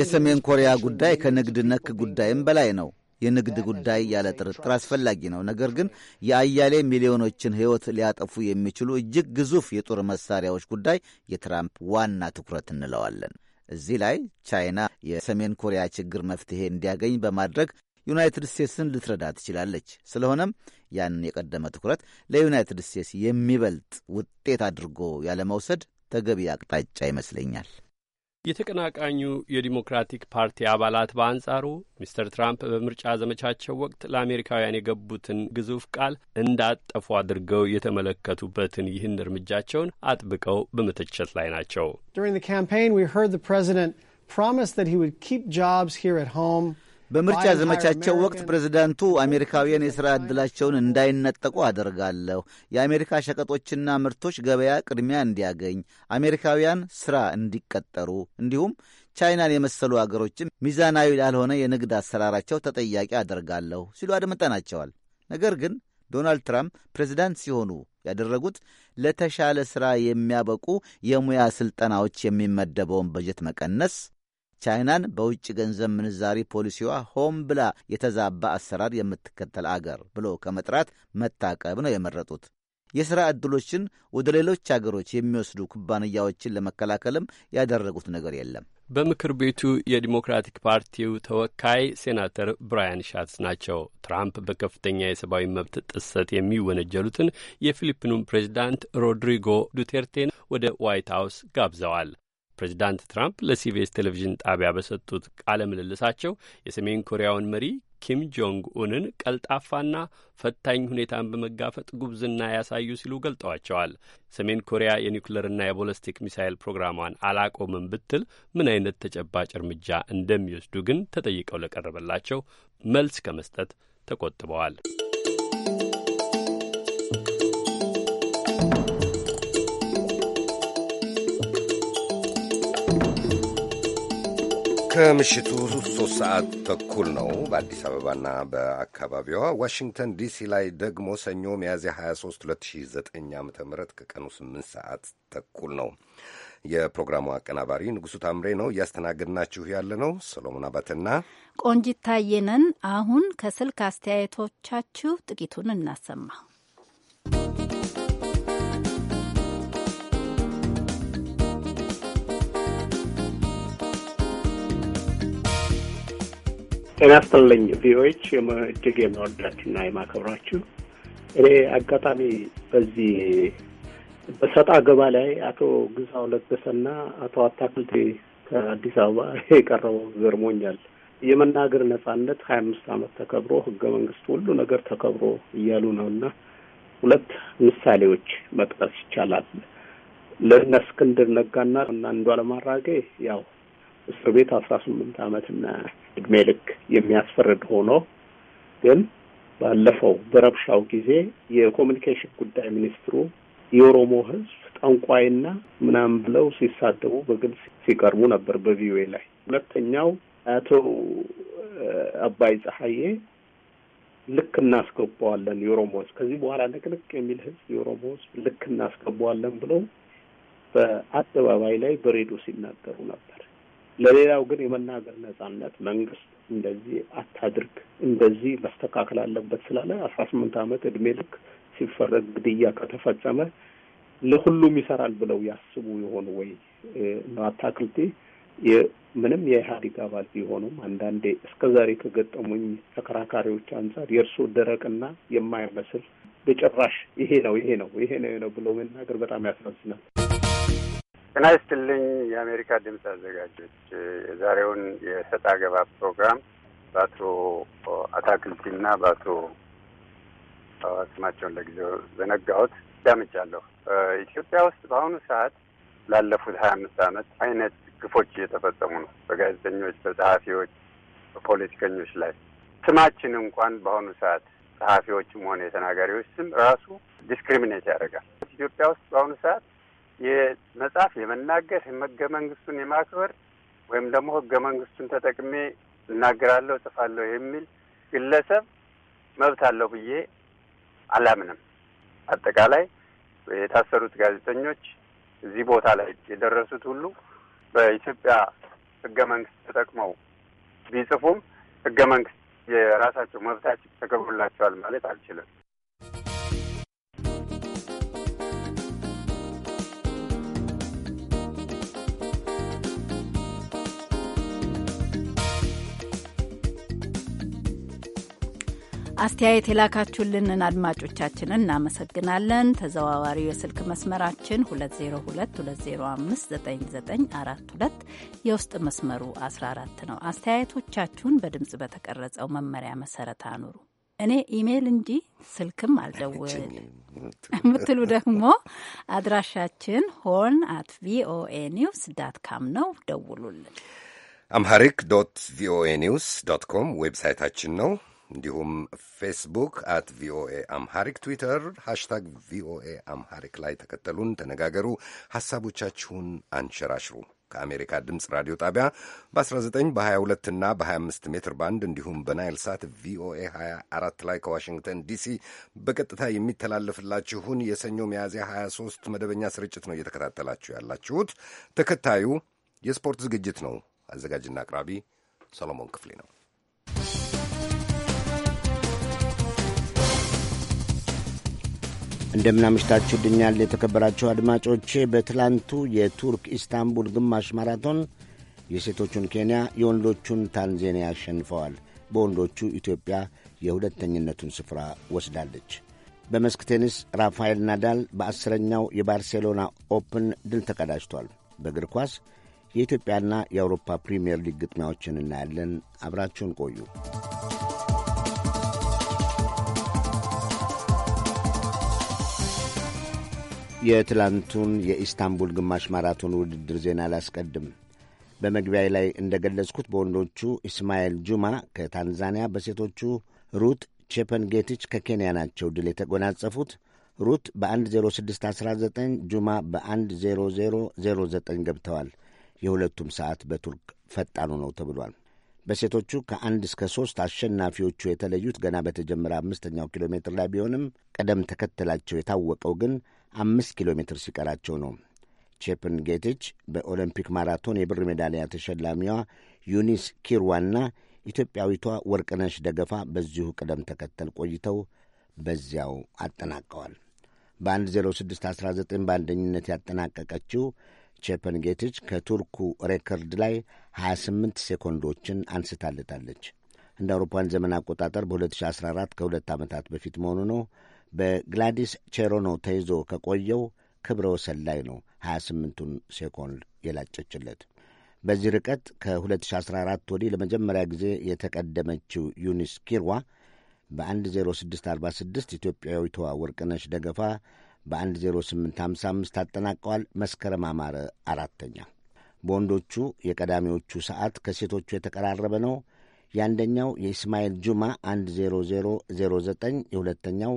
የሰሜን ኮሪያ ጉዳይ ከንግድ ነክ ጉዳይም በላይ ነው። የንግድ ጉዳይ ያለ ጥርጥር አስፈላጊ ነው። ነገር ግን የአያሌ ሚሊዮኖችን ሕይወት ሊያጠፉ የሚችሉ እጅግ ግዙፍ የጦር መሳሪያዎች ጉዳይ የትራምፕ ዋና ትኩረት እንለዋለን። እዚህ ላይ ቻይና የሰሜን ኮሪያ ችግር መፍትሄ እንዲያገኝ በማድረግ ዩናይትድ ስቴትስን ልትረዳ ትችላለች። ስለሆነም ያንን የቀደመ ትኩረት ለዩናይትድ ስቴትስ የሚበልጥ ውጤት አድርጎ ያለመውሰድ ተገቢ አቅጣጫ ይመስለኛል። የተቀናቃኙ የዲሞክራቲክ ፓርቲ አባላት በአንጻሩ ሚስተር ትራምፕ በምርጫ ዘመቻቸው ወቅት ለአሜሪካውያን የገቡትን ግዙፍ ቃል እንዳጠፉ አድርገው የተመለከቱበትን ይህን እርምጃቸውን አጥብቀው በመተቸት ላይ ናቸው። በምርጫ ዘመቻቸው ወቅት ፕሬዚዳንቱ አሜሪካውያን የሥራ ዕድላቸውን እንዳይነጠቁ አደርጋለሁ፣ የአሜሪካ ሸቀጦችና ምርቶች ገበያ ቅድሚያ እንዲያገኝ፣ አሜሪካውያን ሥራ እንዲቀጠሩ፣ እንዲሁም ቻይናን የመሰሉ አገሮችም ሚዛናዊ ላልሆነ የንግድ አሰራራቸው ተጠያቂ አደርጋለሁ ሲሉ አድምጠናቸዋል። ነገር ግን ዶናልድ ትራምፕ ፕሬዚዳንት ሲሆኑ ያደረጉት ለተሻለ ሥራ የሚያበቁ የሙያ ሥልጠናዎች የሚመደበውን በጀት መቀነስ ቻይናን በውጭ ገንዘብ ምንዛሪ ፖሊሲዋ ሆም ብላ የተዛባ አሰራር የምትከተል አገር ብሎ ከመጥራት መታቀብ ነው የመረጡት። የሥራ ዕድሎችን ወደ ሌሎች አገሮች የሚወስዱ ኩባንያዎችን ለመከላከልም ያደረጉት ነገር የለም። በምክር ቤቱ የዲሞክራቲክ ፓርቲው ተወካይ ሴናተር ብራያን ሻትስ ናቸው። ትራምፕ በከፍተኛ የሰብአዊ መብት ጥሰት የሚወነጀሉትን የፊሊፒኑን ፕሬዚዳንት ሮድሪጎ ዱቴርቴን ወደ ዋይት ሀውስ ጋብዘዋል። ፕሬዚዳንት ትራምፕ ለሲቢኤስ ቴሌቪዥን ጣቢያ በሰጡት ቃለ ምልልሳቸው የሰሜን ኮሪያውን መሪ ኪም ጆንግ ኡንን ቀልጣፋና ፈታኝ ሁኔታን በመጋፈጥ ጉብዝና ያሳዩ ሲሉ ገልጠዋቸዋል። ሰሜን ኮሪያ የኒውክለርና የቦለስቲክ ሚሳይል ፕሮግራሟን አላቆምም ብትል ምን አይነት ተጨባጭ እርምጃ እንደሚወስዱ ግን ተጠይቀው ለቀረበላቸው መልስ ከመስጠት ተቆጥበዋል። ከምሽቱ ሶስት ሰዓት ተኩል ነው በአዲስ አበባና በአካባቢዋ። ዋሽንግተን ዲሲ ላይ ደግሞ ሰኞ ሚያዝያ 23 2009 ዓ ም ከቀኑ 8 ሰዓት ተኩል ነው። የፕሮግራሙ አቀናባሪ ንጉሱ ታምሬ ነው። እያስተናገድናችሁ ያለ ነው ሰሎሞን አባተና ቆንጂት ታየነን። አሁን ከስልክ አስተያየቶቻችሁ ጥቂቱን እናሰማ። ጤና ይስጥልኝ ቪኦኤዎች እጅግ የምወዳችሁና የማከብራችሁ። እኔ አጋጣሚ በዚህ በሰጣ ገባ ላይ አቶ ግዛው ለገሰና አቶ አታክልቴ ከአዲስ አበባ [LAUGHS] የቀረበው ገርሞኛል። የመናገር ነጻነት ሀያ አምስት ዓመት ተከብሮ ህገ መንግስት ሁሉ ነገር ተከብሮ እያሉ ነው እና ሁለት ምሳሌዎች መጥቀስ ይቻላል። ለእነ እስክንድር ነጋና እና አንዷለም አራጌ ያው እስር ቤት አስራ ስምንት ዓመትና እድሜ ልክ የሚያስፈርድ ሆኖ ግን ባለፈው በረብሻው ጊዜ የኮሚኒኬሽን ጉዳይ ሚኒስትሩ የኦሮሞ ሕዝብ ጠንቋይና ምናምን ብለው ሲሳደቡ በግልጽ ሲቀርቡ ነበር በቪኦኤ ላይ። ሁለተኛው አቶ አባይ ፀሐዬ ልክ እናስገባዋለን የኦሮሞ ሕዝብ ከዚህ በኋላ ንቅንቅ የሚል ሕዝብ የኦሮሞ ሕዝብ ልክ እናስገባዋለን ብለው በአደባባይ ላይ በሬዲዮ ሲናገሩ ነበር። ለሌላው ግን የመናገር ነጻነት መንግስት እንደዚህ አታድርግ፣ እንደዚህ መስተካከል አለበት ስላለ አስራ ስምንት ዓመት እድሜ ልክ ሲፈረግ ግድያ ከተፈጸመ ለሁሉም ይሰራል ብለው ያስቡ የሆኑ ወይ ነው አታክልቴ ምንም የኢህአዴግ አባል ቢሆኑም አንዳንዴ እስከ ዛሬ ከገጠሙኝ ተከራካሪዎች አንጻር የእርሶ ደረቅና የማይመስል በጭራሽ ይሄ ነው ይሄ ነው ይሄ ነው ነው ብሎ መናገር በጣም ያሳዝናል። ጤና ይስጥልኝ። የአሜሪካ ድምፅ አዘጋጆች የዛሬውን የሰጣ ገባ ፕሮግራም በአቶ አታክልቲና በአቶ ስማቸውን ለጊዜው ዘነጋሁት ዳምጫለሁ። ኢትዮጵያ ውስጥ በአሁኑ ሰዓት ላለፉት ሀያ አምስት አመት አይነት ግፎች እየተፈጸሙ ነው በጋዜጠኞች፣ በጸሀፊዎች በፖለቲከኞች ላይ ስማችን እንኳን በአሁኑ ሰዓት ጸሀፊዎችም ሆነ የተናጋሪዎች ስም ራሱ ዲስክሪሚኔት ያደርጋል። ኢትዮጵያ ውስጥ በአሁኑ ሰዓት የመጻፍ የመናገር ህገ መንግስቱን የማክበር ወይም ደግሞ ህገ መንግስቱን ተጠቅሜ እናገራለሁ፣ ጽፋለሁ የሚል ግለሰብ መብት አለው ብዬ አላምንም። አጠቃላይ የታሰሩት ጋዜጠኞች እዚህ ቦታ ላይ የደረሱት ሁሉ በኢትዮጵያ ህገ መንግስት ተጠቅመው ቢጽፉም ህገ መንግስት የራሳቸው መብታቸው ተከብሮላቸዋል ማለት አልችልም። አስተያየት የላካችሁልንን አድማጮቻችንን እናመሰግናለን። ተዘዋዋሪው የስልክ መስመራችን 2022059942 የውስጥ መስመሩ 14 ነው። አስተያየቶቻችሁን በድምፅ በተቀረጸው መመሪያ መሰረት አኑሩ። እኔ ኢሜይል እንጂ ስልክም አልደውል የምትሉ ደግሞ አድራሻችን ሆርን አት ቪኦኤ ኒውስ ዳት ካም ነው። ደውሉልን። አምሃሪክ ዶት ቪኦኤ ኒውስ ዶት ኮም ዌብሳይታችን ነው። እንዲሁም ፌስቡክ አት ቪኦኤ አምሃሪክ፣ ትዊተር ሃሽታግ ቪኦኤ አምሃሪክ ላይ ተከተሉን፣ ተነጋገሩ፣ ሐሳቦቻችሁን አንሸራሽሩ። ከአሜሪካ ድምፅ ራዲዮ ጣቢያ በ19 በ22 እና በ25 ሜትር ባንድ እንዲሁም በናይል ሳት ቪኦኤ 24 ላይ ከዋሽንግተን ዲሲ በቀጥታ የሚተላለፍላችሁን የሰኞ ሚያዝያ 23 መደበኛ ስርጭት ነው እየተከታተላችሁ ያላችሁት። ተከታዩ የስፖርት ዝግጅት ነው። አዘጋጅና አቅራቢ ሰሎሞን ክፍሌ ነው። እንደምናምሽታችሁልኛል የተከበራችሁ አድማጮቼ። በትላንቱ የቱርክ ኢስታንቡል ግማሽ ማራቶን የሴቶቹን ኬንያ፣ የወንዶቹን ታንዛኒያ አሸንፈዋል። በወንዶቹ ኢትዮጵያ የሁለተኝነቱን ስፍራ ወስዳለች። በመስክ ቴኒስ ራፋኤል ናዳል በአስረኛው የባርሴሎና ኦፕን ድል ተቀዳጅቷል። በእግር ኳስ የኢትዮጵያና የአውሮፓ ፕሪምየር ሊግ ግጥሚያዎችን እናያለን። አብራችሁን ቆዩ። የትላንቱን የኢስታንቡል ግማሽ ማራቶን ውድድር ዜና አላስቀድም። በመግቢያ ላይ እንደ ገለጽኩት በወንዶቹ ኢስማኤል ጁማ ከታንዛኒያ፣ በሴቶቹ ሩት ቼፐንጌቲች ከኬንያ ናቸው ድል የተጎናጸፉት። ሩት በ10619 ጁማ በ10009 ገብተዋል። የሁለቱም ሰዓት በቱርክ ፈጣኑ ነው ተብሏል። በሴቶቹ ከአንድ እስከ ሦስት አሸናፊዎቹ የተለዩት ገና በተጀመረ አምስተኛው ኪሎ ሜትር ላይ ቢሆንም ቀደም ተከተላቸው የታወቀው ግን አምስት ኪሎ ሜትር ሲቀራቸው ነው። ቼፕን ጌቲች በኦሎምፒክ ማራቶን የብር ሜዳሊያ ተሸላሚዋ ዩኒስ ኪርዋና ኢትዮጵያዊቷ ወርቅነሽ ደገፋ በዚሁ ቅደም ተከተል ቆይተው በዚያው አጠናቀዋል። በ10619 በአንደኝነት ያጠናቀቀችው ቼፐን ጌቲች ከቱርኩ ሬከርድ ላይ 28 ሴኮንዶችን አንስታልታለች። እንደ አውሮፓን ዘመን አቆጣጠር በ2014 ከሁለት ዓመታት በፊት መሆኑ ነው። በግላዲስ ቼሮኖ ተይዞ ከቆየው ክብረ ወሰን ላይ ነው 28ቱን ሴኮንድ የላጨችለት። በዚህ ርቀት ከ2014 ወዲህ ለመጀመሪያ ጊዜ የተቀደመችው ዩኒስ ኪርዋ በ10646 ኢትዮጵያዊቷ ወርቅነሽ ደገፋ በ10855 አጠናቀዋል መስከረም አማረ አራተኛ። በወንዶቹ የቀዳሚዎቹ ሰዓት ከሴቶቹ የተቀራረበ ነው። የአንደኛው የኢስማኤል ጁማ 10009፣ የሁለተኛው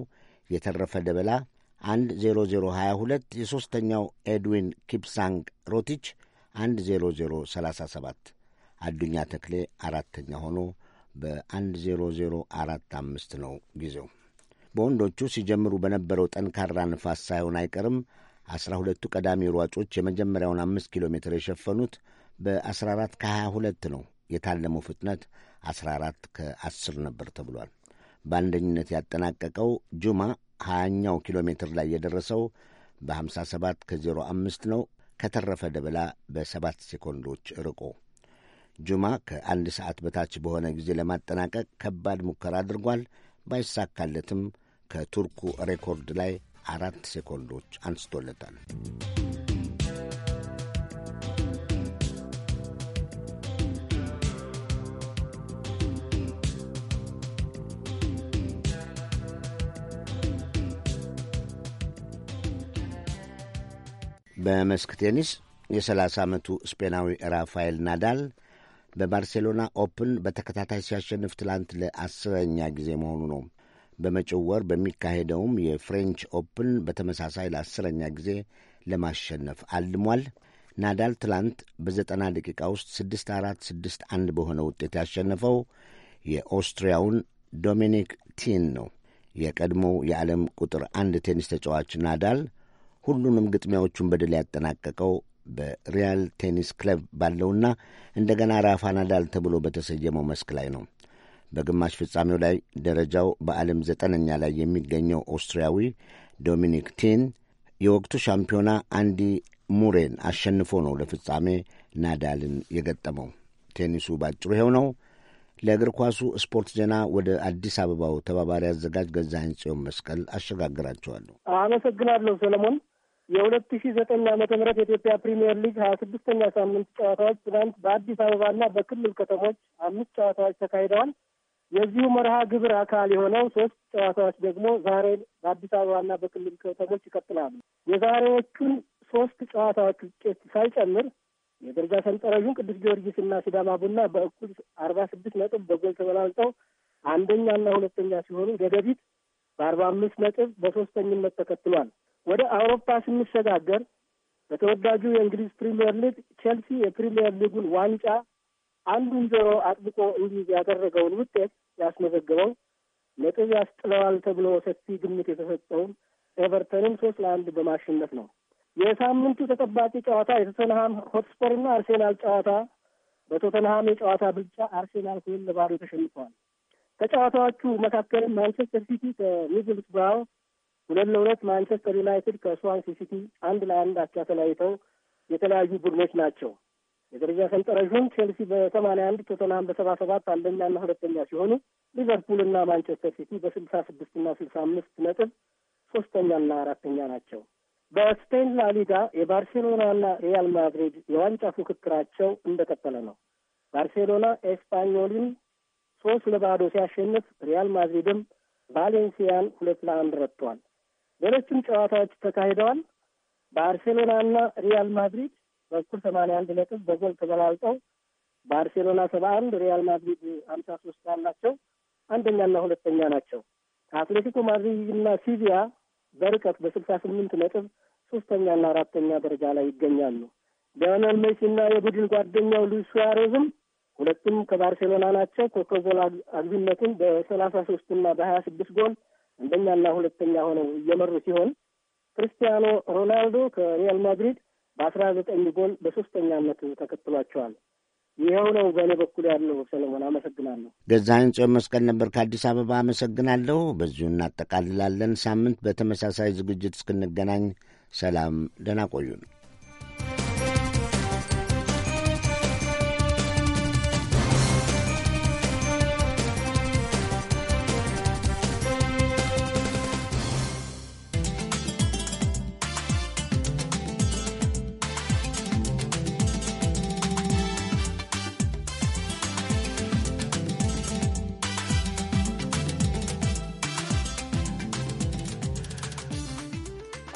የተረፈ ደበላ 10022 የሦስተኛው ኤድዊን ኪፕሳንግ ሮቲች 10037 አዱኛ ተክሌ አራተኛ ሆኖ በ10045 ነው ጊዜው። በወንዶቹ ሲጀምሩ በነበረው ጠንካራ ንፋስ ሳይሆን አይቀርም አስራ ሁለቱ ቀዳሚ ሯጮች የመጀመሪያውን አምስት ኪሎ ሜትር የሸፈኑት በ14 ከ22 ነው። የታለመው ፍጥነት 14 ከ10 ነበር ተብሏል። በአንደኝነት ያጠናቀቀው ጁማ ሀያኛው ኪሎ ሜትር ላይ የደረሰው በ57 ከ05 ነው ከተረፈ ደበላ በሰባት ሴኮንዶች ርቆ ጁማ ከአንድ ሰዓት በታች በሆነ ጊዜ ለማጠናቀቅ ከባድ ሙከራ አድርጓል። ባይሳካለትም ከቱርኩ ሬኮርድ ላይ አራት ሴኮንዶች አንስቶለታል። በመስክ ቴኒስ የ30 ዓመቱ ስፔናዊ ራፋኤል ናዳል በባርሴሎና ኦፕን በተከታታይ ሲያሸንፍ ትላንት ለአስረኛ ጊዜ መሆኑ ነው። በመጪው ወር በሚካሄደውም የፍሬንች ኦፕን በተመሳሳይ ለአስረኛ ጊዜ ለማሸነፍ አልሟል። ናዳል ትላንት በዘጠና ደቂቃ ውስጥ ስድስት አራት ስድስት አንድ በሆነ ውጤት ያሸነፈው የኦስትሪያውን ዶሚኒክ ቲን ነው። የቀድሞው የዓለም ቁጥር አንድ ቴኒስ ተጫዋች ናዳል ሁሉንም ግጥሚያዎቹን በድል ያጠናቀቀው በሪያል ቴኒስ ክለብ ባለውና እንደገና ራፋ ናዳል ተብሎ በተሰየመው መስክ ላይ ነው። በግማሽ ፍጻሜው ላይ ደረጃው በዓለም ዘጠነኛ ላይ የሚገኘው ኦስትሪያዊ ዶሚኒክ ቲን የወቅቱ ሻምፒዮና አንዲ ሙሬን አሸንፎ ነው ለፍጻሜ ናዳልን የገጠመው። ቴኒሱ ባጭሩ ይኸው ነው። ለእግር ኳሱ ስፖርት ዜና ወደ አዲስ አበባው ተባባሪ አዘጋጅ ገዛኸኝ ጽዮን መስቀል አሸጋግራቸዋለሁ። አመሰግናለሁ ሰለሞን። የሁለት ሺ ዘጠኝ ዓመተ ምህረት የኢትዮጵያ ፕሪምየር ሊግ ሀያ ስድስተኛ ሳምንት ጨዋታዎች ትናንት በአዲስ አበባና በክልል ከተሞች አምስት ጨዋታዎች ተካሂደዋል። የዚሁ መርሃ ግብር አካል የሆነው ሶስት ጨዋታዎች ደግሞ ዛሬ በአዲስ አበባና በክልል ከተሞች ይቀጥላሉ። የዛሬዎቹን ሶስት ጨዋታዎች ውጤት ሳይጨምር የደረጃ ሰንጠረዡን ቅዱስ እና ሲዳማ ቡና በእኩል አርባ ስድስት ነጥብ በጎል ተበላልጠው አንደኛና ሁለተኛ ሲሆኑ ደደቢት በአርባ አምስት ነጥብ በሶስተኝነት ተከትሏል። ወደ አውሮፓ ስንሸጋገር በተወዳጁ የእንግሊዝ ፕሪምየር ሊግ ቼልሲ የፕሪምየር ሊጉን ዋንጫ አንዱን ዞሮ አጥብቆ እንዲይዝ ያደረገውን ውጤት ያስመዘግበው ነጥብ ያስጥለዋል ተብሎ ሰፊ ግምት የተሰጠውን ኤቨርተንን ሶስት ለአንድ በማሸነፍ ነው። የሳምንቱ ተጠባቂ ጨዋታ የቶተንሃም ሆትስፐርና አርሴናል ጨዋታ በቶተንሃም የጨዋታ ብልጫ አርሴናል ሁለት ለባዶ ተሸንፈዋል። ከጨዋታዎቹ መካከል ማንቸስተር ሲቲ ከሚድልስብራው ሁለት ለሁለት ማንቸስተር ዩናይትድ ከስዋንሲ ሲቲ አንድ ለአንድ አቻ ተለያይተው የተለያዩ ቡድኖች ናቸው። የደረጃ ሰንጠረዡን ቼልሲ በሰማንያ አንድ ቶተናም በሰባ ሰባት አንደኛና ሁለተኛ ሲሆኑ ሊቨርፑልና ማንቸስተር ሲቲ በስልሳ ስድስትና ስልሳ አምስት ነጥብ ሶስተኛና አራተኛ ናቸው። በስፔን ላሊጋ የባርሴሎናና ሪያል ማድሪድ የዋንጫ ፉክክራቸው እንደቀጠለ ነው። ባርሴሎና ኤስፓኞልን ሶስት ለባዶ ሲያሸንፍ ሪያል ማድሪድም ቫሌንሲያን ሁለት ለአንድ ረጥቷል። ሌሎችም ጨዋታዎች ተካሂደዋል። ባርሴሎናና ሪያል ማድሪድ በኩል ሰማንያ አንድ ነጥብ በጎል ተበላልጠው ባርሴሎና ሰባ አንድ ሪያል ማድሪድ ሀምሳ ሶስት ያላቸው አንደኛና ሁለተኛ ናቸው። አትሌቲኮ ማድሪድና ሲቪያ በርቀት በስልሳ ስምንት ነጥብ ሶስተኛና አራተኛ ደረጃ ላይ ይገኛሉ። ሊዮኔል ሜሲና የቡድን ጓደኛው ሉዊስ ሱዋሬዝም ሁለቱም ከባርሴሎና ናቸው። ኮከብ ጎል አግቢነቱን በሰላሳ ሶስትና በሀያ ስድስት ጎል አንደኛና ሁለተኛ ሆነው እየመሩ ሲሆን ክርስቲያኖ ሮናልዶ ከሪያል ማድሪድ በአስራ ዘጠኝ ጎል በሶስተኛነት ተከትሏቸዋል። ይኸው ነው በእኔ በኩል ያለው። ሰለሞን አመሰግናለሁ። ገዛኸኝ ጽዮን መስቀል ነበር ከአዲስ አበባ አመሰግናለሁ። በዚሁ እናጠቃልላለን። ሳምንት በተመሳሳይ ዝግጅት እስክንገናኝ ሰላም፣ ደህና ቆዩን።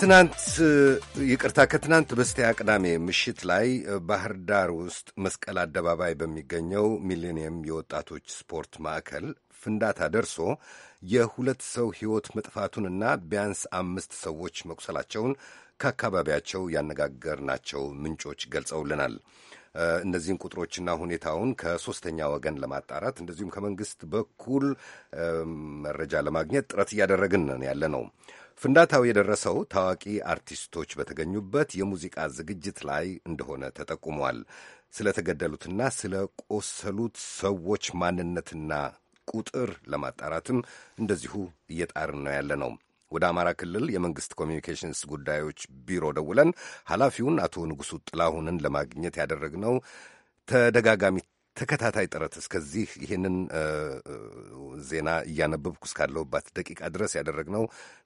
ከትናንት ይቅርታ፣ ከትናንት በስቲያ ቅዳሜ ምሽት ላይ ባህር ዳር ውስጥ መስቀል አደባባይ በሚገኘው ሚሌኒየም የወጣቶች ስፖርት ማዕከል ፍንዳታ ደርሶ የሁለት ሰው ሕይወት መጥፋቱንና ቢያንስ አምስት ሰዎች መቁሰላቸውን ከአካባቢያቸው ያነጋገርናቸው ምንጮች ገልጸውልናል። እነዚህን ቁጥሮችና ሁኔታውን ከሶስተኛ ወገን ለማጣራት እንደዚሁም ከመንግስት በኩል መረጃ ለማግኘት ጥረት እያደረግን ያለ ነው። ፍንዳታው የደረሰው ታዋቂ አርቲስቶች በተገኙበት የሙዚቃ ዝግጅት ላይ እንደሆነ ተጠቁሟል። ስለተገደሉትና ስለ ቆሰሉት ሰዎች ማንነትና ቁጥር ለማጣራትም እንደዚሁ እየጣርን ነው ያለ ነው። ወደ አማራ ክልል የመንግስት ኮሚኒኬሽንስ ጉዳዮች ቢሮ ደውለን ኃላፊውን አቶ ንጉሱ ጥላሁንን ለማግኘት ያደረግነው ተደጋጋሚ ተከታታይ ጥረት እስከዚህ ይህንን ዜና እያነበብኩ እስካለሁባት ደቂቃ ድረስ ያደረግነው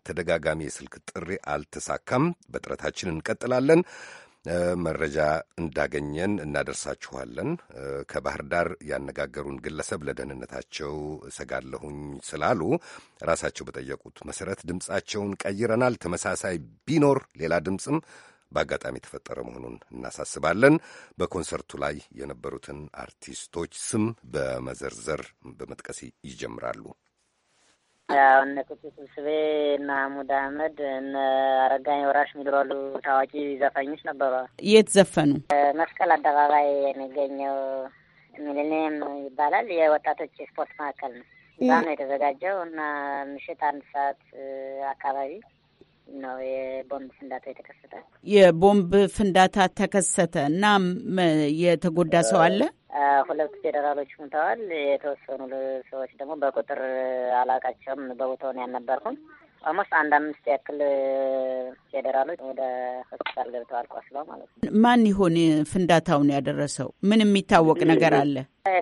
ተደጋጋሚ የስልክ ጥሪ አልተሳካም። በጥረታችን እንቀጥላለን። መረጃ እንዳገኘን እናደርሳችኋለን። ከባህር ዳር ያነጋገሩን ግለሰብ ለደህንነታቸው እሰጋለሁኝ ስላሉ ራሳቸው በጠየቁት መሰረት ድምፃቸውን ቀይረናል። ተመሳሳይ ቢኖር ሌላ ድምፅም በአጋጣሚ የተፈጠረ መሆኑን እናሳስባለን። በኮንሰርቱ ላይ የነበሩትን አርቲስቶች ስም በመዘርዘር በመጥቀስ ይጀምራሉ። ያው እነ ቁጡ ስብስቤ፣ እነ ሐሙድ አህመድ፣ እነ አረጋኝ ወራሽ የሚባሉ ታዋቂ ዘፋኞች ነበሩ። የት ዘፈኑ? መስቀል አደባባይ የሚገኘው ሚሊኒየም ይባላል። የወጣቶች ስፖርት ማዕከል ነው። እዛ ነው የተዘጋጀው እና ምሽት አንድ ሰዓት አካባቢ ነው የቦምብ ፍንዳታ የተከሰተ። የቦምብ ፍንዳታ ተከሰተ እና የተጎዳ ሰው አለ። ሁለቱ ፌዴራሎች ሙተዋል። የተወሰኑ ሰዎች ደግሞ በቁጥር አላቃቸውም። በቦታውን ያልነበርኩም። ኦልሞስት አንድ አምስት ያክል ፌዴራሎች ወደ ሆስፒታል ገብተዋል ቆስለው ማለት ነው። ማን ይሆን ፍንዳታውን ያደረሰው? ምን የሚታወቅ ነገር አለ?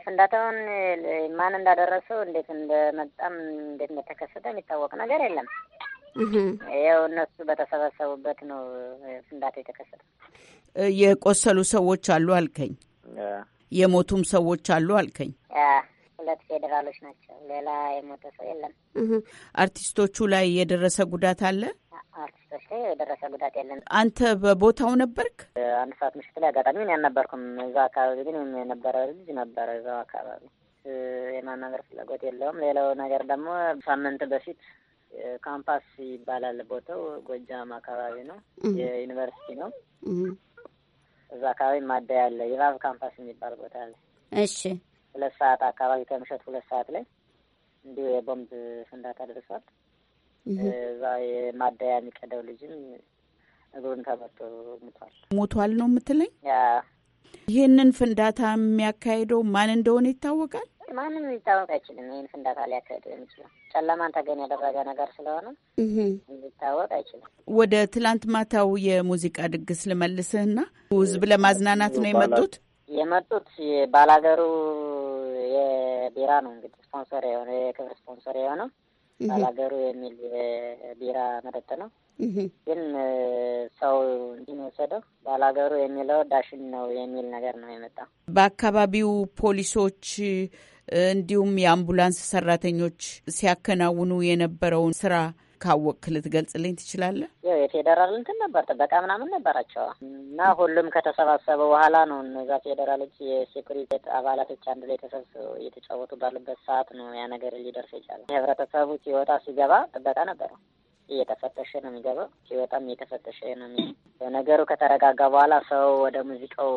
ፍንዳታውን ማን እንዳደረሰው፣ እንዴት እንደመጣም፣ እንዴት እንደተከሰተ የሚታወቅ ነገር የለም። ያው እነሱ በተሰበሰቡበት ነው ፍንዳታ የተከሰተው። የቆሰሉ ሰዎች አሉ አልከኝ፣ የሞቱም ሰዎች አሉ አልከኝ። ሁለት ፌዴራሎች ናቸው። ሌላ የሞተ ሰው የለም። አርቲስቶቹ ላይ የደረሰ ጉዳት አለ? አርቲስቶች ላይ የደረሰ ጉዳት የለም። አንተ በቦታው ነበርክ? አንድ ሰዓት ምሽት ላይ አጋጣሚ እኔ ያልነበርኩም እዛ አካባቢ ግን የነበረ ልጅ ነበረ እዛው አካባቢ። የማናገር ፍላጎት የለውም። ሌላው ነገር ደግሞ ሳምንት በፊት ካምፓስ ይባላል ቦታው ጎጃም አካባቢ ነው። የዩኒቨርሲቲ ነው። እዛ አካባቢ ማደያ አለ። የባብ ካምፓስ የሚባል ቦታ አለ። እሺ ሁለት ሰዓት አካባቢ ከምሸት ሁለት ሰዓት ላይ እንዲሁ የቦምብ ፍንዳታ ደርሷል። እዛ የማደያ የሚቀደው ልጅም እግሩን ተመቶ ሙቷል። ሞቷል ነው የምትለኝ? ይህንን ፍንዳታ የሚያካሄደው ማን እንደሆነ ይታወቃል? ማንም ሊታወቅ አይችልም። ይህን ፍንዳታ ሊያካሄድ የሚችለው ጨለማን ተገኝ ያደረገ ነገር ስለሆነ ሊታወቅ አይችልም። ወደ ትላንት ማታው የሙዚቃ ድግስ ልመልስህና ህዝብ ለማዝናናት ነው የመጡት የመጡት ባላገሩ የቢራ ነው እንግዲህ ስፖንሰር የሆነ የክብር ስፖንሰር የሆነው ባላገሩ የሚል የቢራ መጠጥ ነው። ግን ሰው እንዲን ወሰደው የወሰደው። ባላገሩ የሚለው ዳሽን ነው የሚል ነገር ነው የመጣው። በአካባቢው ፖሊሶች እንዲሁም የአምቡላንስ ሰራተኞች ሲያከናውኑ የነበረውን ስራ ካወቅክ ልትገልጽልኝ ትችላለህ? የፌዴራል እንትን ነበር ጥበቃ ምናምን ነበራቸው እና ሁሉም ከተሰባሰበ በኋላ ነው እነዛ እጅ የሴኩሪቲ አባላቶች አንድ ላይ ተሰብስበው እየተጫወቱ ባሉበት ሰዓት ነው ያ ነገር ሊደርስ የቻለ። ህብረተሰቡ ሲወጣ ሲገባ ጥበቃ ነበረው። እየተፈተሸ ነው የሚገባው፣ ሲወጣም እየተፈተሸ ነው። ነገሩ ከተረጋጋ በኋላ ሰው ወደ ሙዚቃው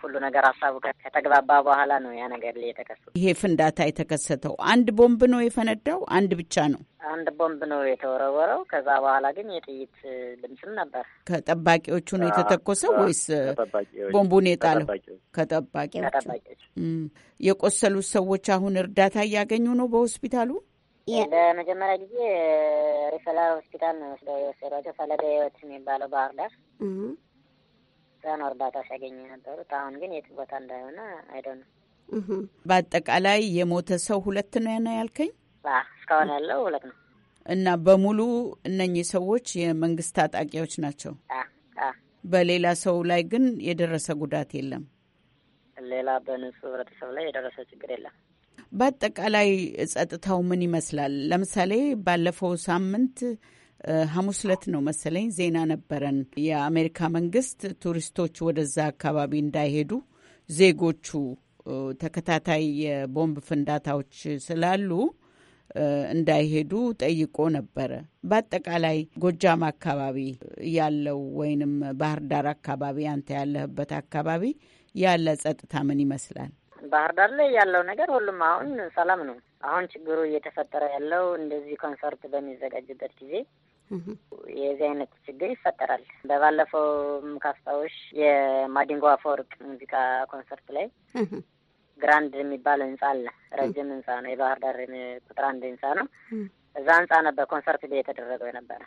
ሁሉ ነገር ሀሳቡ ከተግባባ በኋላ ነው ያ ነገር የተከሰ ይሄ ፍንዳታ የተከሰተው። አንድ ቦምብ ነው የፈነዳው፣ አንድ ብቻ ነው አንድ ቦምብ ነው የተወረወረው። ከዛ በኋላ ግን የጥይት ድምፅም ነበር። ከጠባቂዎቹ ነው የተተኮሰው ወይስ ቦምቡን የጣለው? ከጠባቂዎች። የቆሰሉት ሰዎች አሁን እርዳታ እያገኙ ነው በሆስፒታሉ ለመጀመሪያ ጊዜ ሪፈራል ሆስፒታል ነው ወስደው የወሰዷቸው ፈለገ ህይወት የሚባለው ባህር ዳር ዛን እርዳታ ሲያገኙ የነበሩት። አሁን ግን የት ቦታ እንዳይሆነ አይደው ነው። በአጠቃላይ የሞተ ሰው ሁለት ነው ያና ያልከኝ እስካሁን ያለው ሁለት ነው እና በሙሉ እነኚህ ሰዎች የመንግስት ታጣቂዎች ናቸው። በሌላ ሰው ላይ ግን የደረሰ ጉዳት የለም። ሌላ በንጹህ ህብረተሰብ ላይ የደረሰ ችግር የለም። በአጠቃላይ ጸጥታው ምን ይመስላል? ለምሳሌ ባለፈው ሳምንት ሐሙስ ዕለት ነው መሰለኝ ዜና ነበረን። የአሜሪካ መንግስት ቱሪስቶች ወደዛ አካባቢ እንዳይሄዱ ዜጎቹ ተከታታይ የቦምብ ፍንዳታዎች ስላሉ እንዳይሄዱ ጠይቆ ነበረ። በአጠቃላይ ጎጃም አካባቢ ያለው ወይንም ባህር ዳር አካባቢ አንተ ያለህበት አካባቢ ያለ ጸጥታ ምን ይመስላል? ባህር ዳር ላይ ያለው ነገር ሁሉም አሁን ሰላም ነው። አሁን ችግሩ እየተፈጠረ ያለው እንደዚህ ኮንሰርት በሚዘጋጅበት ጊዜ የዚህ አይነት ችግር ይፈጠራል። በባለፈው ካስታዎች የማዲንጎ አፈወርቅ ሙዚቃ ኮንሰርት ላይ ግራንድ የሚባል ህንጻ አለ። ረጅም ህንጻ ነው። የባህር ዳር ቁጥር አንድ ህንጻ ነው። እዛ ህንጻ ነበር ኮንሰርት ላይ የተደረገው የነበረ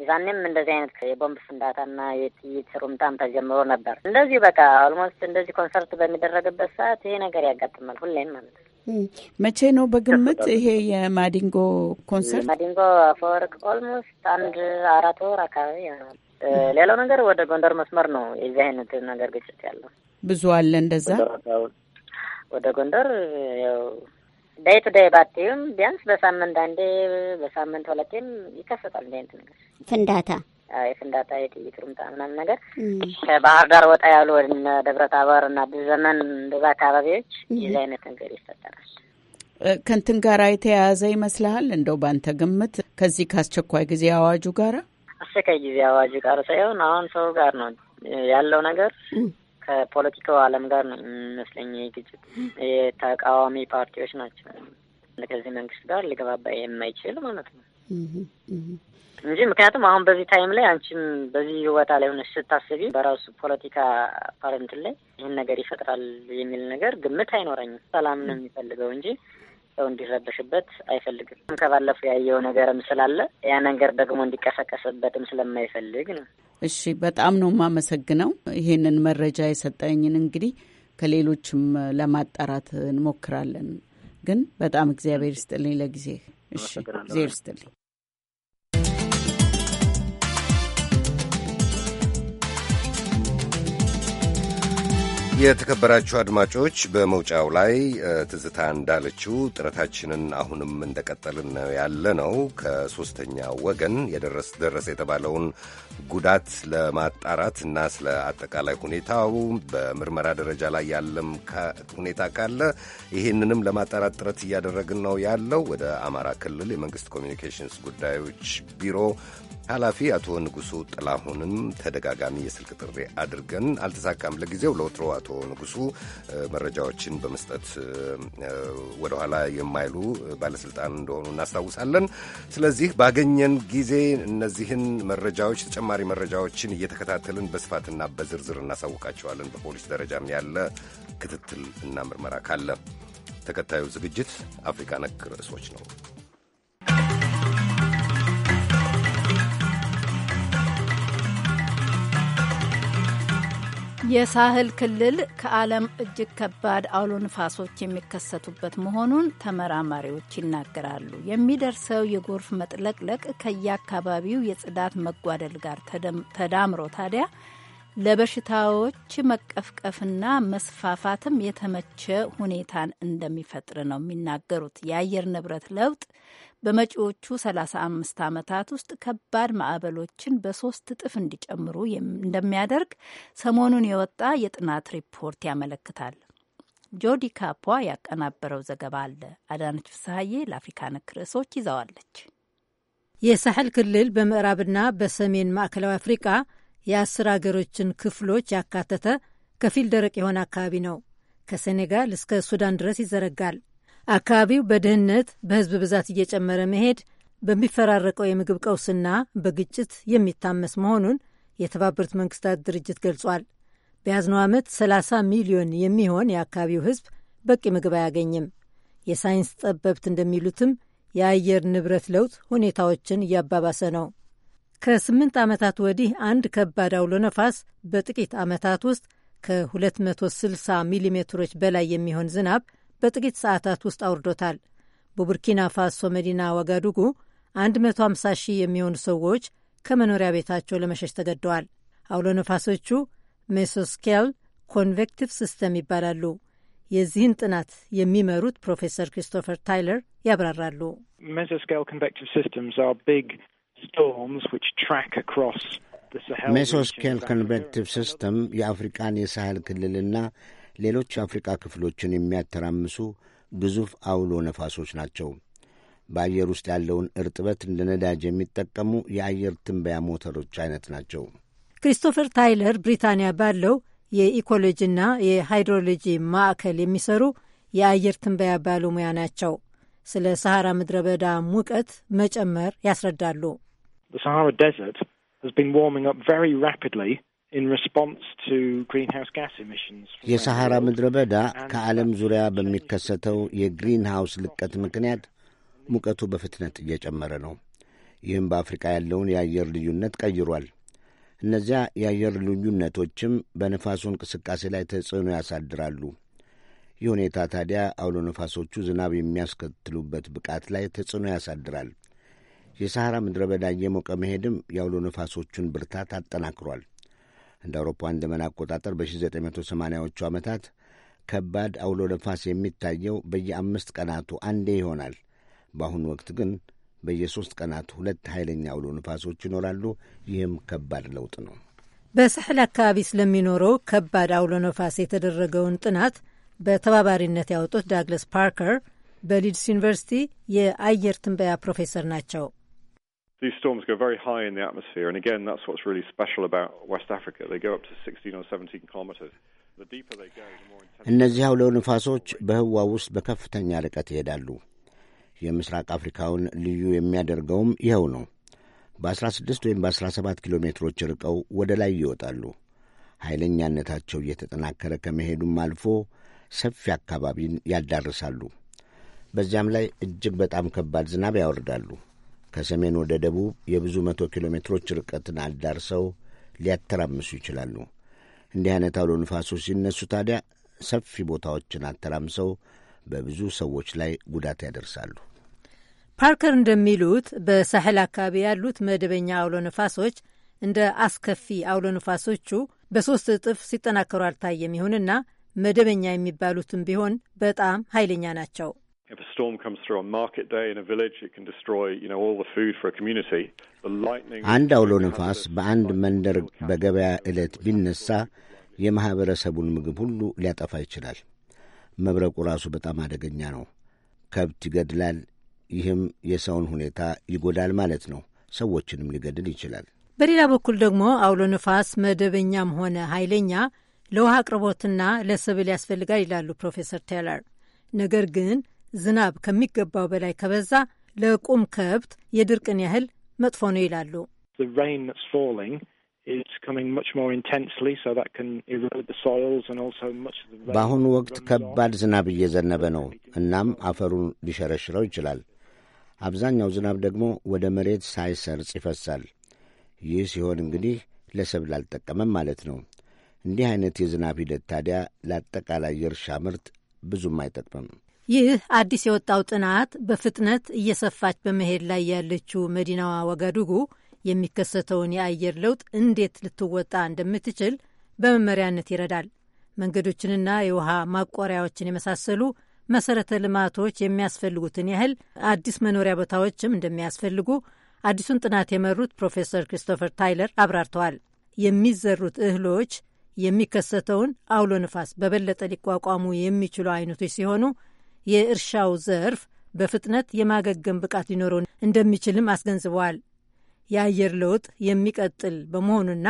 ይዛኔም እንደዚህ አይነት የቦምብ ፍንዳታና የጥይት ሩምታም ተጀምሮ ነበር። እንደዚሁ በቃ ኦልሞስት እንደዚህ ኮንሰርት በሚደረግበት ሰዓት ይሄ ነገር ያጋጥማል ሁሌም ማለት ነው። መቼ ነው በግምት ይሄ የማዲንጎ ኮንሰርት? ማዲንጎ አፈወርቅ ኦልሞስት አንድ አራት ወር አካባቢ ይሆናል። ሌላው ነገር ወደ ጎንደር መስመር ነው የዚህ አይነት ነገር ግጭት ያለው ብዙ አለ እንደዛ ወደ ጎንደር ያው ዴይ ቱ ዴይ ባትይም ቢያንስ በሳምንት አንዴ በሳምንት ሁለቴም ይከሰታል። እንደ ነገር ፍንዳታ፣ የፍንዳታ የጥይት ሩምታ ምናምን ነገር ከባህር ዳር ወጣ ያሉ ወደ ደብረ ታቦር እና ብዙ ዘመን እንደዛ አካባቢዎች የዚ አይነት ነገር ይፈጠራል። ከንትን ጋራ የተያያዘ ይመስልሃል? እንደው ባንተ ግምት ከዚህ ከአስቸኳይ ጊዜ አዋጁ ጋራ አስቸኳይ ጊዜ አዋጁ ጋር ሳይሆን አሁን ሰው ጋር ነው ያለው ነገር ከፖለቲካው ዓለም ጋር ነው የሚመስለኝ ግጭት። የተቃዋሚ ፓርቲዎች ናቸው ከዚህ መንግስት ጋር ሊገባባ የማይችል ማለት ነው እንጂ ምክንያቱም አሁን በዚህ ታይም ላይ አንቺም በዚህ ቦታ ላይ ሆነች ስታስቢ በራሱ ፖለቲካ ፓረንት ላይ ይህን ነገር ይፈጥራል የሚል ነገር ግምት አይኖረኝም። ሰላም ነው የሚፈልገው እንጂ ሰው እንዲረበሽበት አይፈልግም። ከባለፈው ያየው ነገርም ስላለ ያ ነገር ደግሞ እንዲቀሰቀስበትም ስለማይፈልግ ነው። እሺ፣ በጣም ነው የማመሰግነው ይሄንን መረጃ የሰጠኝን። እንግዲህ ከሌሎችም ለማጣራት እንሞክራለን። ግን በጣም እግዚአብሔር ይስጥልኝ ለጊዜ። እሺ፣ እግዚአብሔር ይስጥልኝ። የተከበራችሁ አድማጮች በመውጫው ላይ ትዝታ እንዳለችው ጥረታችንን አሁንም እንደቀጠልን ነው ያለ ነው። ከሶስተኛ ወገን ደረሰ የተባለውን ጉዳት ለማጣራት እና ስለ አጠቃላይ ሁኔታው በምርመራ ደረጃ ላይ ያለም ሁኔታ ካለ ይህንንም ለማጣራት ጥረት እያደረግን ነው ያለው። ወደ አማራ ክልል የመንግስት ኮሚኒኬሽንስ ጉዳዮች ቢሮ ኃላፊ አቶ ንጉሱ ጥላሁንም ተደጋጋሚ የስልክ ጥሪ አድርገን አልተሳካም። ለጊዜው ለወትሮ አቶ ንጉሱ መረጃዎችን በመስጠት ወደኋላ የማይሉ ባለስልጣን እንደሆኑ እናስታውሳለን። ስለዚህ ባገኘን ጊዜ እነዚህን መረጃዎች ተጨማሪ መረጃዎችን እየተከታተልን በስፋትና በዝርዝር እናሳውቃቸዋለን። በፖሊስ ደረጃም ያለ ክትትል እና ምርመራ ካለ ተከታዩ ዝግጅት አፍሪካ ነክ ርዕሶች ነው። የሳህል ክልል ከዓለም እጅግ ከባድ አውሎ ንፋሶች የሚከሰቱበት መሆኑን ተመራማሪዎች ይናገራሉ። የሚደርሰው የጎርፍ መጥለቅለቅ ከየአካባቢው የጽዳት መጓደል ጋር ተዳምሮ ታዲያ ለበሽታዎች መቀፍቀፍና መስፋፋትም የተመቸ ሁኔታን እንደሚፈጥር ነው የሚናገሩት። የአየር ንብረት ለውጥ በመጪዎቹ 35 ዓመታት ውስጥ ከባድ ማዕበሎችን በሶስት እጥፍ እንዲጨምሩ እንደሚያደርግ ሰሞኑን የወጣ የጥናት ሪፖርት ያመለክታል። ጆዲ ካፖ ያቀናበረው ዘገባ አለ። አዳነች ፍስሐዬ ለአፍሪካ ነክ ርዕሶች ይዘዋለች። የሳሕል ክልል በምዕራብና በሰሜን ማዕከላዊ አፍሪቃ የአስር አገሮችን ክፍሎች ያካተተ ከፊል ደረቅ የሆነ አካባቢ ነው። ከሴኔጋል እስከ ሱዳን ድረስ ይዘረጋል። አካባቢው በድህነት በህዝብ ብዛት እየጨመረ መሄድ በሚፈራረቀው የምግብ ቀውስና በግጭት የሚታመስ መሆኑን የተባበሩት መንግስታት ድርጅት ገልጿል። በያዝነው ዓመት 30 ሚሊዮን የሚሆን የአካባቢው ህዝብ በቂ ምግብ አያገኝም። የሳይንስ ጠበብት እንደሚሉትም የአየር ንብረት ለውጥ ሁኔታዎችን እያባባሰ ነው። ከስምንት ዓመታት ወዲህ አንድ ከባድ አውሎ ነፋስ በጥቂት ዓመታት ውስጥ ከ260 ሚሊሜትሮች በላይ የሚሆን ዝናብ በጥቂት ሰዓታት ውስጥ አውርዶታል። በቡርኪና ፋሶ መዲና ዋጋዱጉ 150 ሺህ የሚሆኑ ሰዎች ከመኖሪያ ቤታቸው ለመሸሽ ተገደዋል። አውሎ ነፋሶቹ ሜሶስኬል ኮንቬክቲቭ ሲስተም ይባላሉ። የዚህን ጥናት የሚመሩት ፕሮፌሰር ክሪስቶፈር ታይለር ያብራራሉ። ሜሶስኬል ኮንቬክቲቭ ሲስተም የአፍሪቃን የሳህል ክልልና ሌሎች አፍሪቃ ክፍሎችን የሚያተራምሱ ግዙፍ አውሎ ነፋሶች ናቸው። በአየር ውስጥ ያለውን እርጥበት እንደ ነዳጅ የሚጠቀሙ የአየር ትንበያ ሞተሮች አይነት ናቸው። ክሪስቶፈር ታይለር ብሪታንያ ባለው የኢኮሎጂና የሃይድሮሎጂ ማዕከል የሚሰሩ የአየር ትንበያ ባለሙያ ናቸው። ስለ ሰሐራ ምድረ በዳ ሙቀት መጨመር ያስረዳሉ። የሰሐራ ምድረ በዳ ከዓለም ዙሪያ በሚከሰተው የግሪንሃውስ ልቀት ምክንያት ሙቀቱ በፍጥነት እየጨመረ ነው። ይህም በአፍሪካ ያለውን የአየር ልዩነት ቀይሯል። እነዚያ የአየር ልዩነቶችም በነፋሱ እንቅስቃሴ ላይ ተጽዕኖ ያሳድራሉ። ይህ ሁኔታ ታዲያ አውሎ ነፋሶቹ ዝናብ የሚያስከትሉበት ብቃት ላይ ተጽዕኖ ያሳድራል። የሰሐራ ምድረ በዳ እየሞቀ መሄድም የአውሎ ነፋሶቹን ብርታት አጠናክሯል። እንደ አውሮፓውያን ዘመን አቆጣጠር በ1980ዎቹ ዓመታት ከባድ አውሎ ነፋስ የሚታየው በየአምስት ቀናቱ አንዴ ይሆናል። በአሁኑ ወቅት ግን በየሦስት ቀናቱ ሁለት ኃይለኛ አውሎ ነፋሶች ይኖራሉ። ይህም ከባድ ለውጥ ነው። በሳሕል አካባቢ ስለሚኖረው ከባድ አውሎ ነፋስ የተደረገውን ጥናት በተባባሪነት ያወጡት ዳግለስ ፓርከር በሊድስ ዩኒቨርሲቲ የአየር ትንበያ ፕሮፌሰር ናቸው። these storms go very high in the atmosphere, and again, that's what's really special about West Africa. They go up to 16 or 17 kilometers. እነዚህ አውሎ ንፋሶች በህዋ ውስጥ በከፍተኛ ርቀት ይሄዳሉ። የምስራቅ አፍሪካውን ልዩ የሚያደርገውም ይኸው ነው። በ16 ወይም በ17 ኪሎ ሜትሮች ርቀው ወደ ላይ ይወጣሉ። ኃይለኛነታቸው እየተጠናከረ ከመሄዱም አልፎ ሰፊ አካባቢን ያዳርሳሉ። በዚያም ላይ እጅግ በጣም ከባድ ዝናብ ያወርዳሉ። ከሰሜን ወደ ደቡብ የብዙ መቶ ኪሎ ሜትሮች ርቀትን አዳርሰው ሊያተራምሱ ይችላሉ። እንዲህ አይነት አውሎ ንፋሶች ሲነሱ ታዲያ ሰፊ ቦታዎችን አተራምሰው በብዙ ሰዎች ላይ ጉዳት ያደርሳሉ። ፓርከር እንደሚሉት በሳሕል አካባቢ ያሉት መደበኛ አውሎ ነፋሶች እንደ አስከፊ አውሎ ንፋሶቹ በሶስት እጥፍ ሲጠናከሩ አልታየም። ይሁንና መደበኛ የሚባሉትም ቢሆን በጣም ኃይለኛ ናቸው። If a storm comes through on market day in a village, it can destroy, you know, all the food for a community. The lightning አንድ አውሎ ነፋስ በአንድ መንደር በገበያ ዕለት ቢነሳ የማህበረሰቡን ምግብ ሁሉ ሊያጠፋ ይችላል። መብረቁ ራሱ በጣም አደገኛ ነው። ከብት ይገድላል። ይህም የሰውን ሁኔታ ይጎዳል ማለት ነው። ሰዎችንም ሊገድል ይችላል። በሌላ በኩል ደግሞ አውሎ ነፋስ መደበኛም ሆነ ኃይለኛ ለውሃ አቅርቦትና ለሰብል ያስፈልጋል ይላሉ ፕሮፌሰር ቴለር። ነገር ግን ዝናብ ከሚገባው በላይ ከበዛ ለቁም ከብት የድርቅን ያህል መጥፎ ነው ይላሉ። በአሁኑ ወቅት ከባድ ዝናብ እየዘነበ ነው። እናም አፈሩን ሊሸረሽረው ይችላል። አብዛኛው ዝናብ ደግሞ ወደ መሬት ሳይሰርጽ ይፈሳል። ይህ ሲሆን እንግዲህ ለሰብል አልጠቀመም ማለት ነው። እንዲህ አይነት የዝናብ ሂደት ታዲያ ለአጠቃላይ የእርሻ ምርት ብዙም አይጠቅምም። ይህ አዲስ የወጣው ጥናት በፍጥነት እየሰፋች በመሄድ ላይ ያለችው መዲናዋ ወጋዱጉ የሚከሰተውን የአየር ለውጥ እንዴት ልትወጣ እንደምትችል በመመሪያነት ይረዳል። መንገዶችንና የውሃ ማቆሪያዎችን የመሳሰሉ መሰረተ ልማቶች የሚያስፈልጉትን ያህል አዲስ መኖሪያ ቦታዎችም እንደሚያስፈልጉ አዲሱን ጥናት የመሩት ፕሮፌሰር ክሪስቶፈር ታይለር አብራርተዋል። የሚዘሩት እህሎች የሚከሰተውን አውሎ ንፋስ በበለጠ ሊቋቋሙ የሚችሉ አይነቶች ሲሆኑ የእርሻው ዘርፍ በፍጥነት የማገገም ብቃት ሊኖረው እንደሚችልም አስገንዝበዋል። የአየር ለውጥ የሚቀጥል በመሆኑና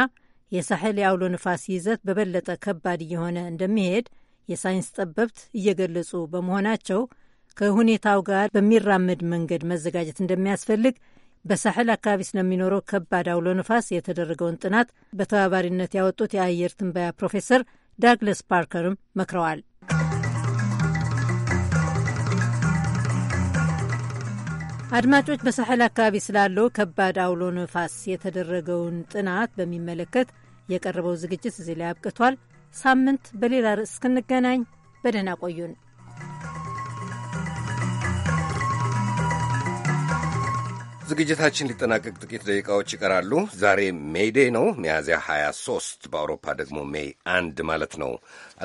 የሳሕል የአውሎ ንፋስ ይዘት በበለጠ ከባድ እየሆነ እንደሚሄድ የሳይንስ ጠበብት እየገለጹ በመሆናቸው ከሁኔታው ጋር በሚራመድ መንገድ መዘጋጀት እንደሚያስፈልግ በሳሕል አካባቢ ስለሚኖረው ከባድ አውሎ ንፋስ የተደረገውን ጥናት በተባባሪነት ያወጡት የአየር ትንበያ ፕሮፌሰር ዳግለስ ፓርከርም መክረዋል። አድማጮች በሳሐል አካባቢ ስላለው ከባድ አውሎ ነፋስ የተደረገውን ጥናት በሚመለከት የቀረበው ዝግጅት እዚህ ላይ አብቅቷል። ሳምንት በሌላ ርዕስ እስክንገናኝ በደህና ቆዩን። ዝግጅታችን ሊጠናቀቅ ጥቂት ደቂቃዎች ይቀራሉ። ዛሬ ሜይዴ ነው፣ ሚያዝያ 23 በአውሮፓ ደግሞ ሜይ አንድ ማለት ነው።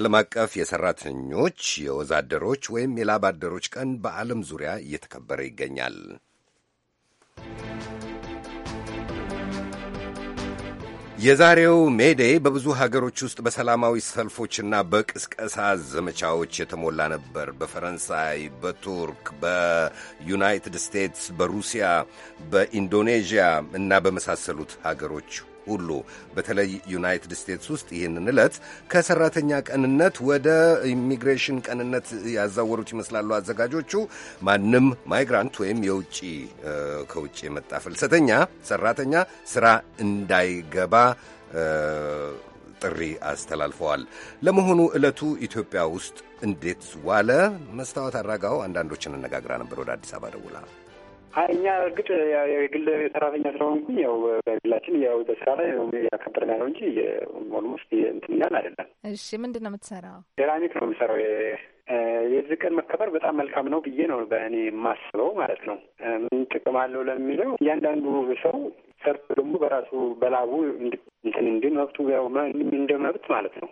ዓለም አቀፍ የሰራተኞች የወዛደሮች ወይም የላብ አደሮች ቀን በዓለም ዙሪያ እየተከበረ ይገኛል። የዛሬው ሜዴይ በብዙ ሀገሮች ውስጥ በሰላማዊ ሰልፎችና በቅስቀሳ ዘመቻዎች የተሞላ ነበር። በፈረንሳይ፣ በቱርክ፣ በዩናይትድ ስቴትስ፣ በሩሲያ፣ በኢንዶኔዥያ እና በመሳሰሉት ሀገሮች ሁሉ በተለይ ዩናይትድ ስቴትስ ውስጥ ይህንን ዕለት ከሰራተኛ ቀንነት ወደ ኢሚግሬሽን ቀንነት ያዛወሩት ይመስላሉ አዘጋጆቹ። ማንም ማይግራንት ወይም የውጭ ከውጭ የመጣ ፍልሰተኛ ሰራተኛ ስራ እንዳይገባ ጥሪ አስተላልፈዋል። ለመሆኑ ዕለቱ ኢትዮጵያ ውስጥ እንዴት ዋለ? መስታወት አድራጋው አንዳንዶችን አነጋግራ ነበር። ወደ አዲስ አበባ ደውላ እኛ እርግጥ የግል ሰራተኛ ስለሆንኩኝ ያው በግላችን ያው በስራ ላይ ያከበርን ያለው እንጂ ኦልሞስት እንትን እያልን አይደለም። እሺ፣ ምንድን ነው የምትሰራው? ሴራሚክ ነው የምሰራው። የዚህ ቀን መከበር በጣም መልካም ነው ብዬ ነው በእኔ የማስበው ማለት ነው። ምን ጥቅም አለው ለሚለው እያንዳንዱ ሰው ሰርቶ ደግሞ በራሱ በላቡ እንትን እንዲን መብቱ ያው እንደ መብት ማለት ነው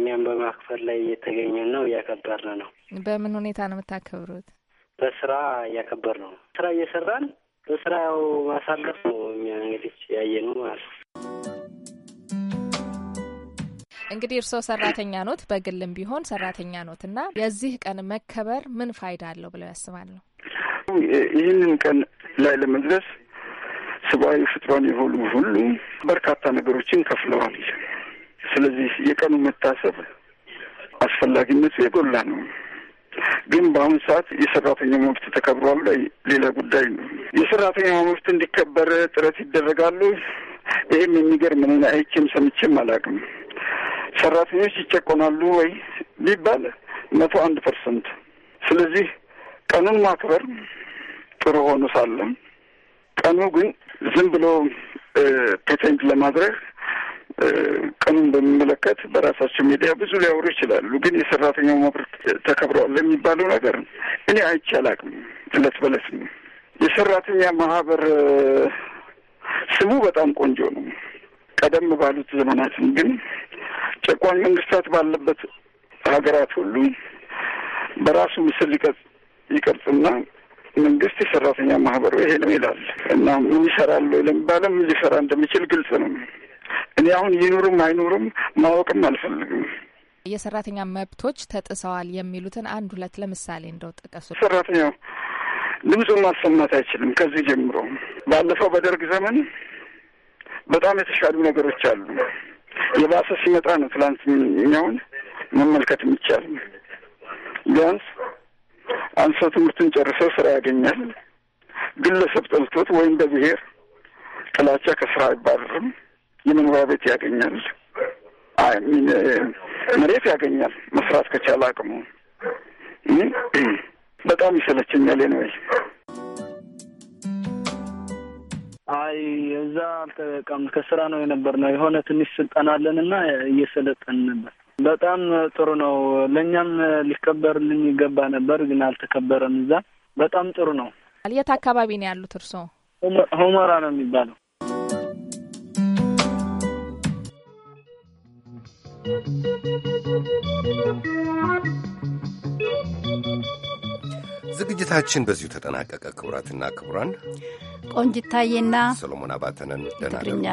እኛም በማክበር ላይ እየተገኘን ነው፣ እያከበርን ነው። በምን ሁኔታ ነው የምታከብሩት? በስራ እያከበር ነው። ስራ እየሰራን በስራ ያው ማሳለፍ ነው። እኛ እንግዲህ ያየ ነው ማለት ነው። እንግዲህ እርስዎ ሰራተኛ ኖት፣ በግልም ቢሆን ሰራተኛ ኖት እና የዚህ ቀን መከበር ምን ፋይዳ አለው ብለው ያስባሉ? ይህንን ቀን ላይ ለመድረስ ሰብአዊ ፍጥሯን የሆኑ ሁሉ በርካታ ነገሮችን ከፍለዋል። ስለዚህ የቀኑ መታሰብ አስፈላጊነቱ የጎላ ነው። ግን በአሁኑ ሰዓት የሰራተኛ መብት ተከብሯል ላይ ሌላ ጉዳይ ነው። የሰራተኛ መብት እንዲከበር ጥረት ይደረጋሉ። ይህም የሚገርም እኔ አይቼም ሰምቼም አላውቅም። ሰራተኞች ይጨቆናሉ ወይ ቢባል መቶ አንድ ፐርሰንት። ስለዚህ ቀኑን ማክበር ጥሩ ሆኖ ሳለም ቀኑ ግን ዝም ብሎ ፔቴንት ለማድረግ ቀኑን በሚመለከት በራሳቸው ሚዲያ ብዙ ሊያወሩ ይችላሉ። ግን የሰራተኛው መብት ተከብረዋል ለሚባለው ነገር እኔ አይቼ አላቅም። እለት በለት የሰራተኛ ማህበር ስሙ በጣም ቆንጆ ነው። ቀደም ባሉት ዘመናትም ግን ጨቋኝ መንግስታት ባለበት ሀገራት ሁሉ በራሱ ምስል ይቀርጽ ይቀርጽና መንግስት የሰራተኛ ማህበሩ ይሄ ነው ይላል እና ምን ይሰራል ለሚባለም ሊሰራ እንደሚችል ግልጽ ነው። እኔ አሁን ይኑሩም አይኑሩም ማወቅም አልፈልግም። የሰራተኛ መብቶች ተጥሰዋል የሚሉትን አንድ ሁለት ለምሳሌ እንደው ጥቀሱ። ሰራተኛው ልብጹ ማሰማት አይችልም። ከዚህ ጀምሮ ባለፈው በደርግ ዘመን በጣም የተሻሉ ነገሮች አሉ። የባሰ ሲመጣ ነው ትላንትኛውን መመልከት የሚቻል። ቢያንስ አንሶ ትምህርትን ጨርሰው ስራ ያገኛል። ግለሰብ ጠልቶት ወይም በብሔር ጥላቻ ከስራ አይባረርም። የመኖሪያ ቤት ያገኛል፣ መሬት ያገኛል። መስራት ከቻለ አቅሙ በጣም ይሰለቸኛል ነው። አይ እዛ አልተቀም ከስራ ነው የነበር ነው የሆነ ትንሽ ስልጠና አለን አለንና እየሰለጠን ነበር። በጣም ጥሩ ነው። ለእኛም ሊከበርልን ይገባ ነበር፣ ግን አልተከበረም። እዛ በጣም ጥሩ ነው። የት አካባቢ ነው ያሉት እርስዎ? ሁመራ ነው የሚባለው። ዝግጅታችን በዚሁ ተጠናቀቀ። ክቡራትና ክቡራን ቆንጅታዬና ሰሎሞን አባተነን ደህና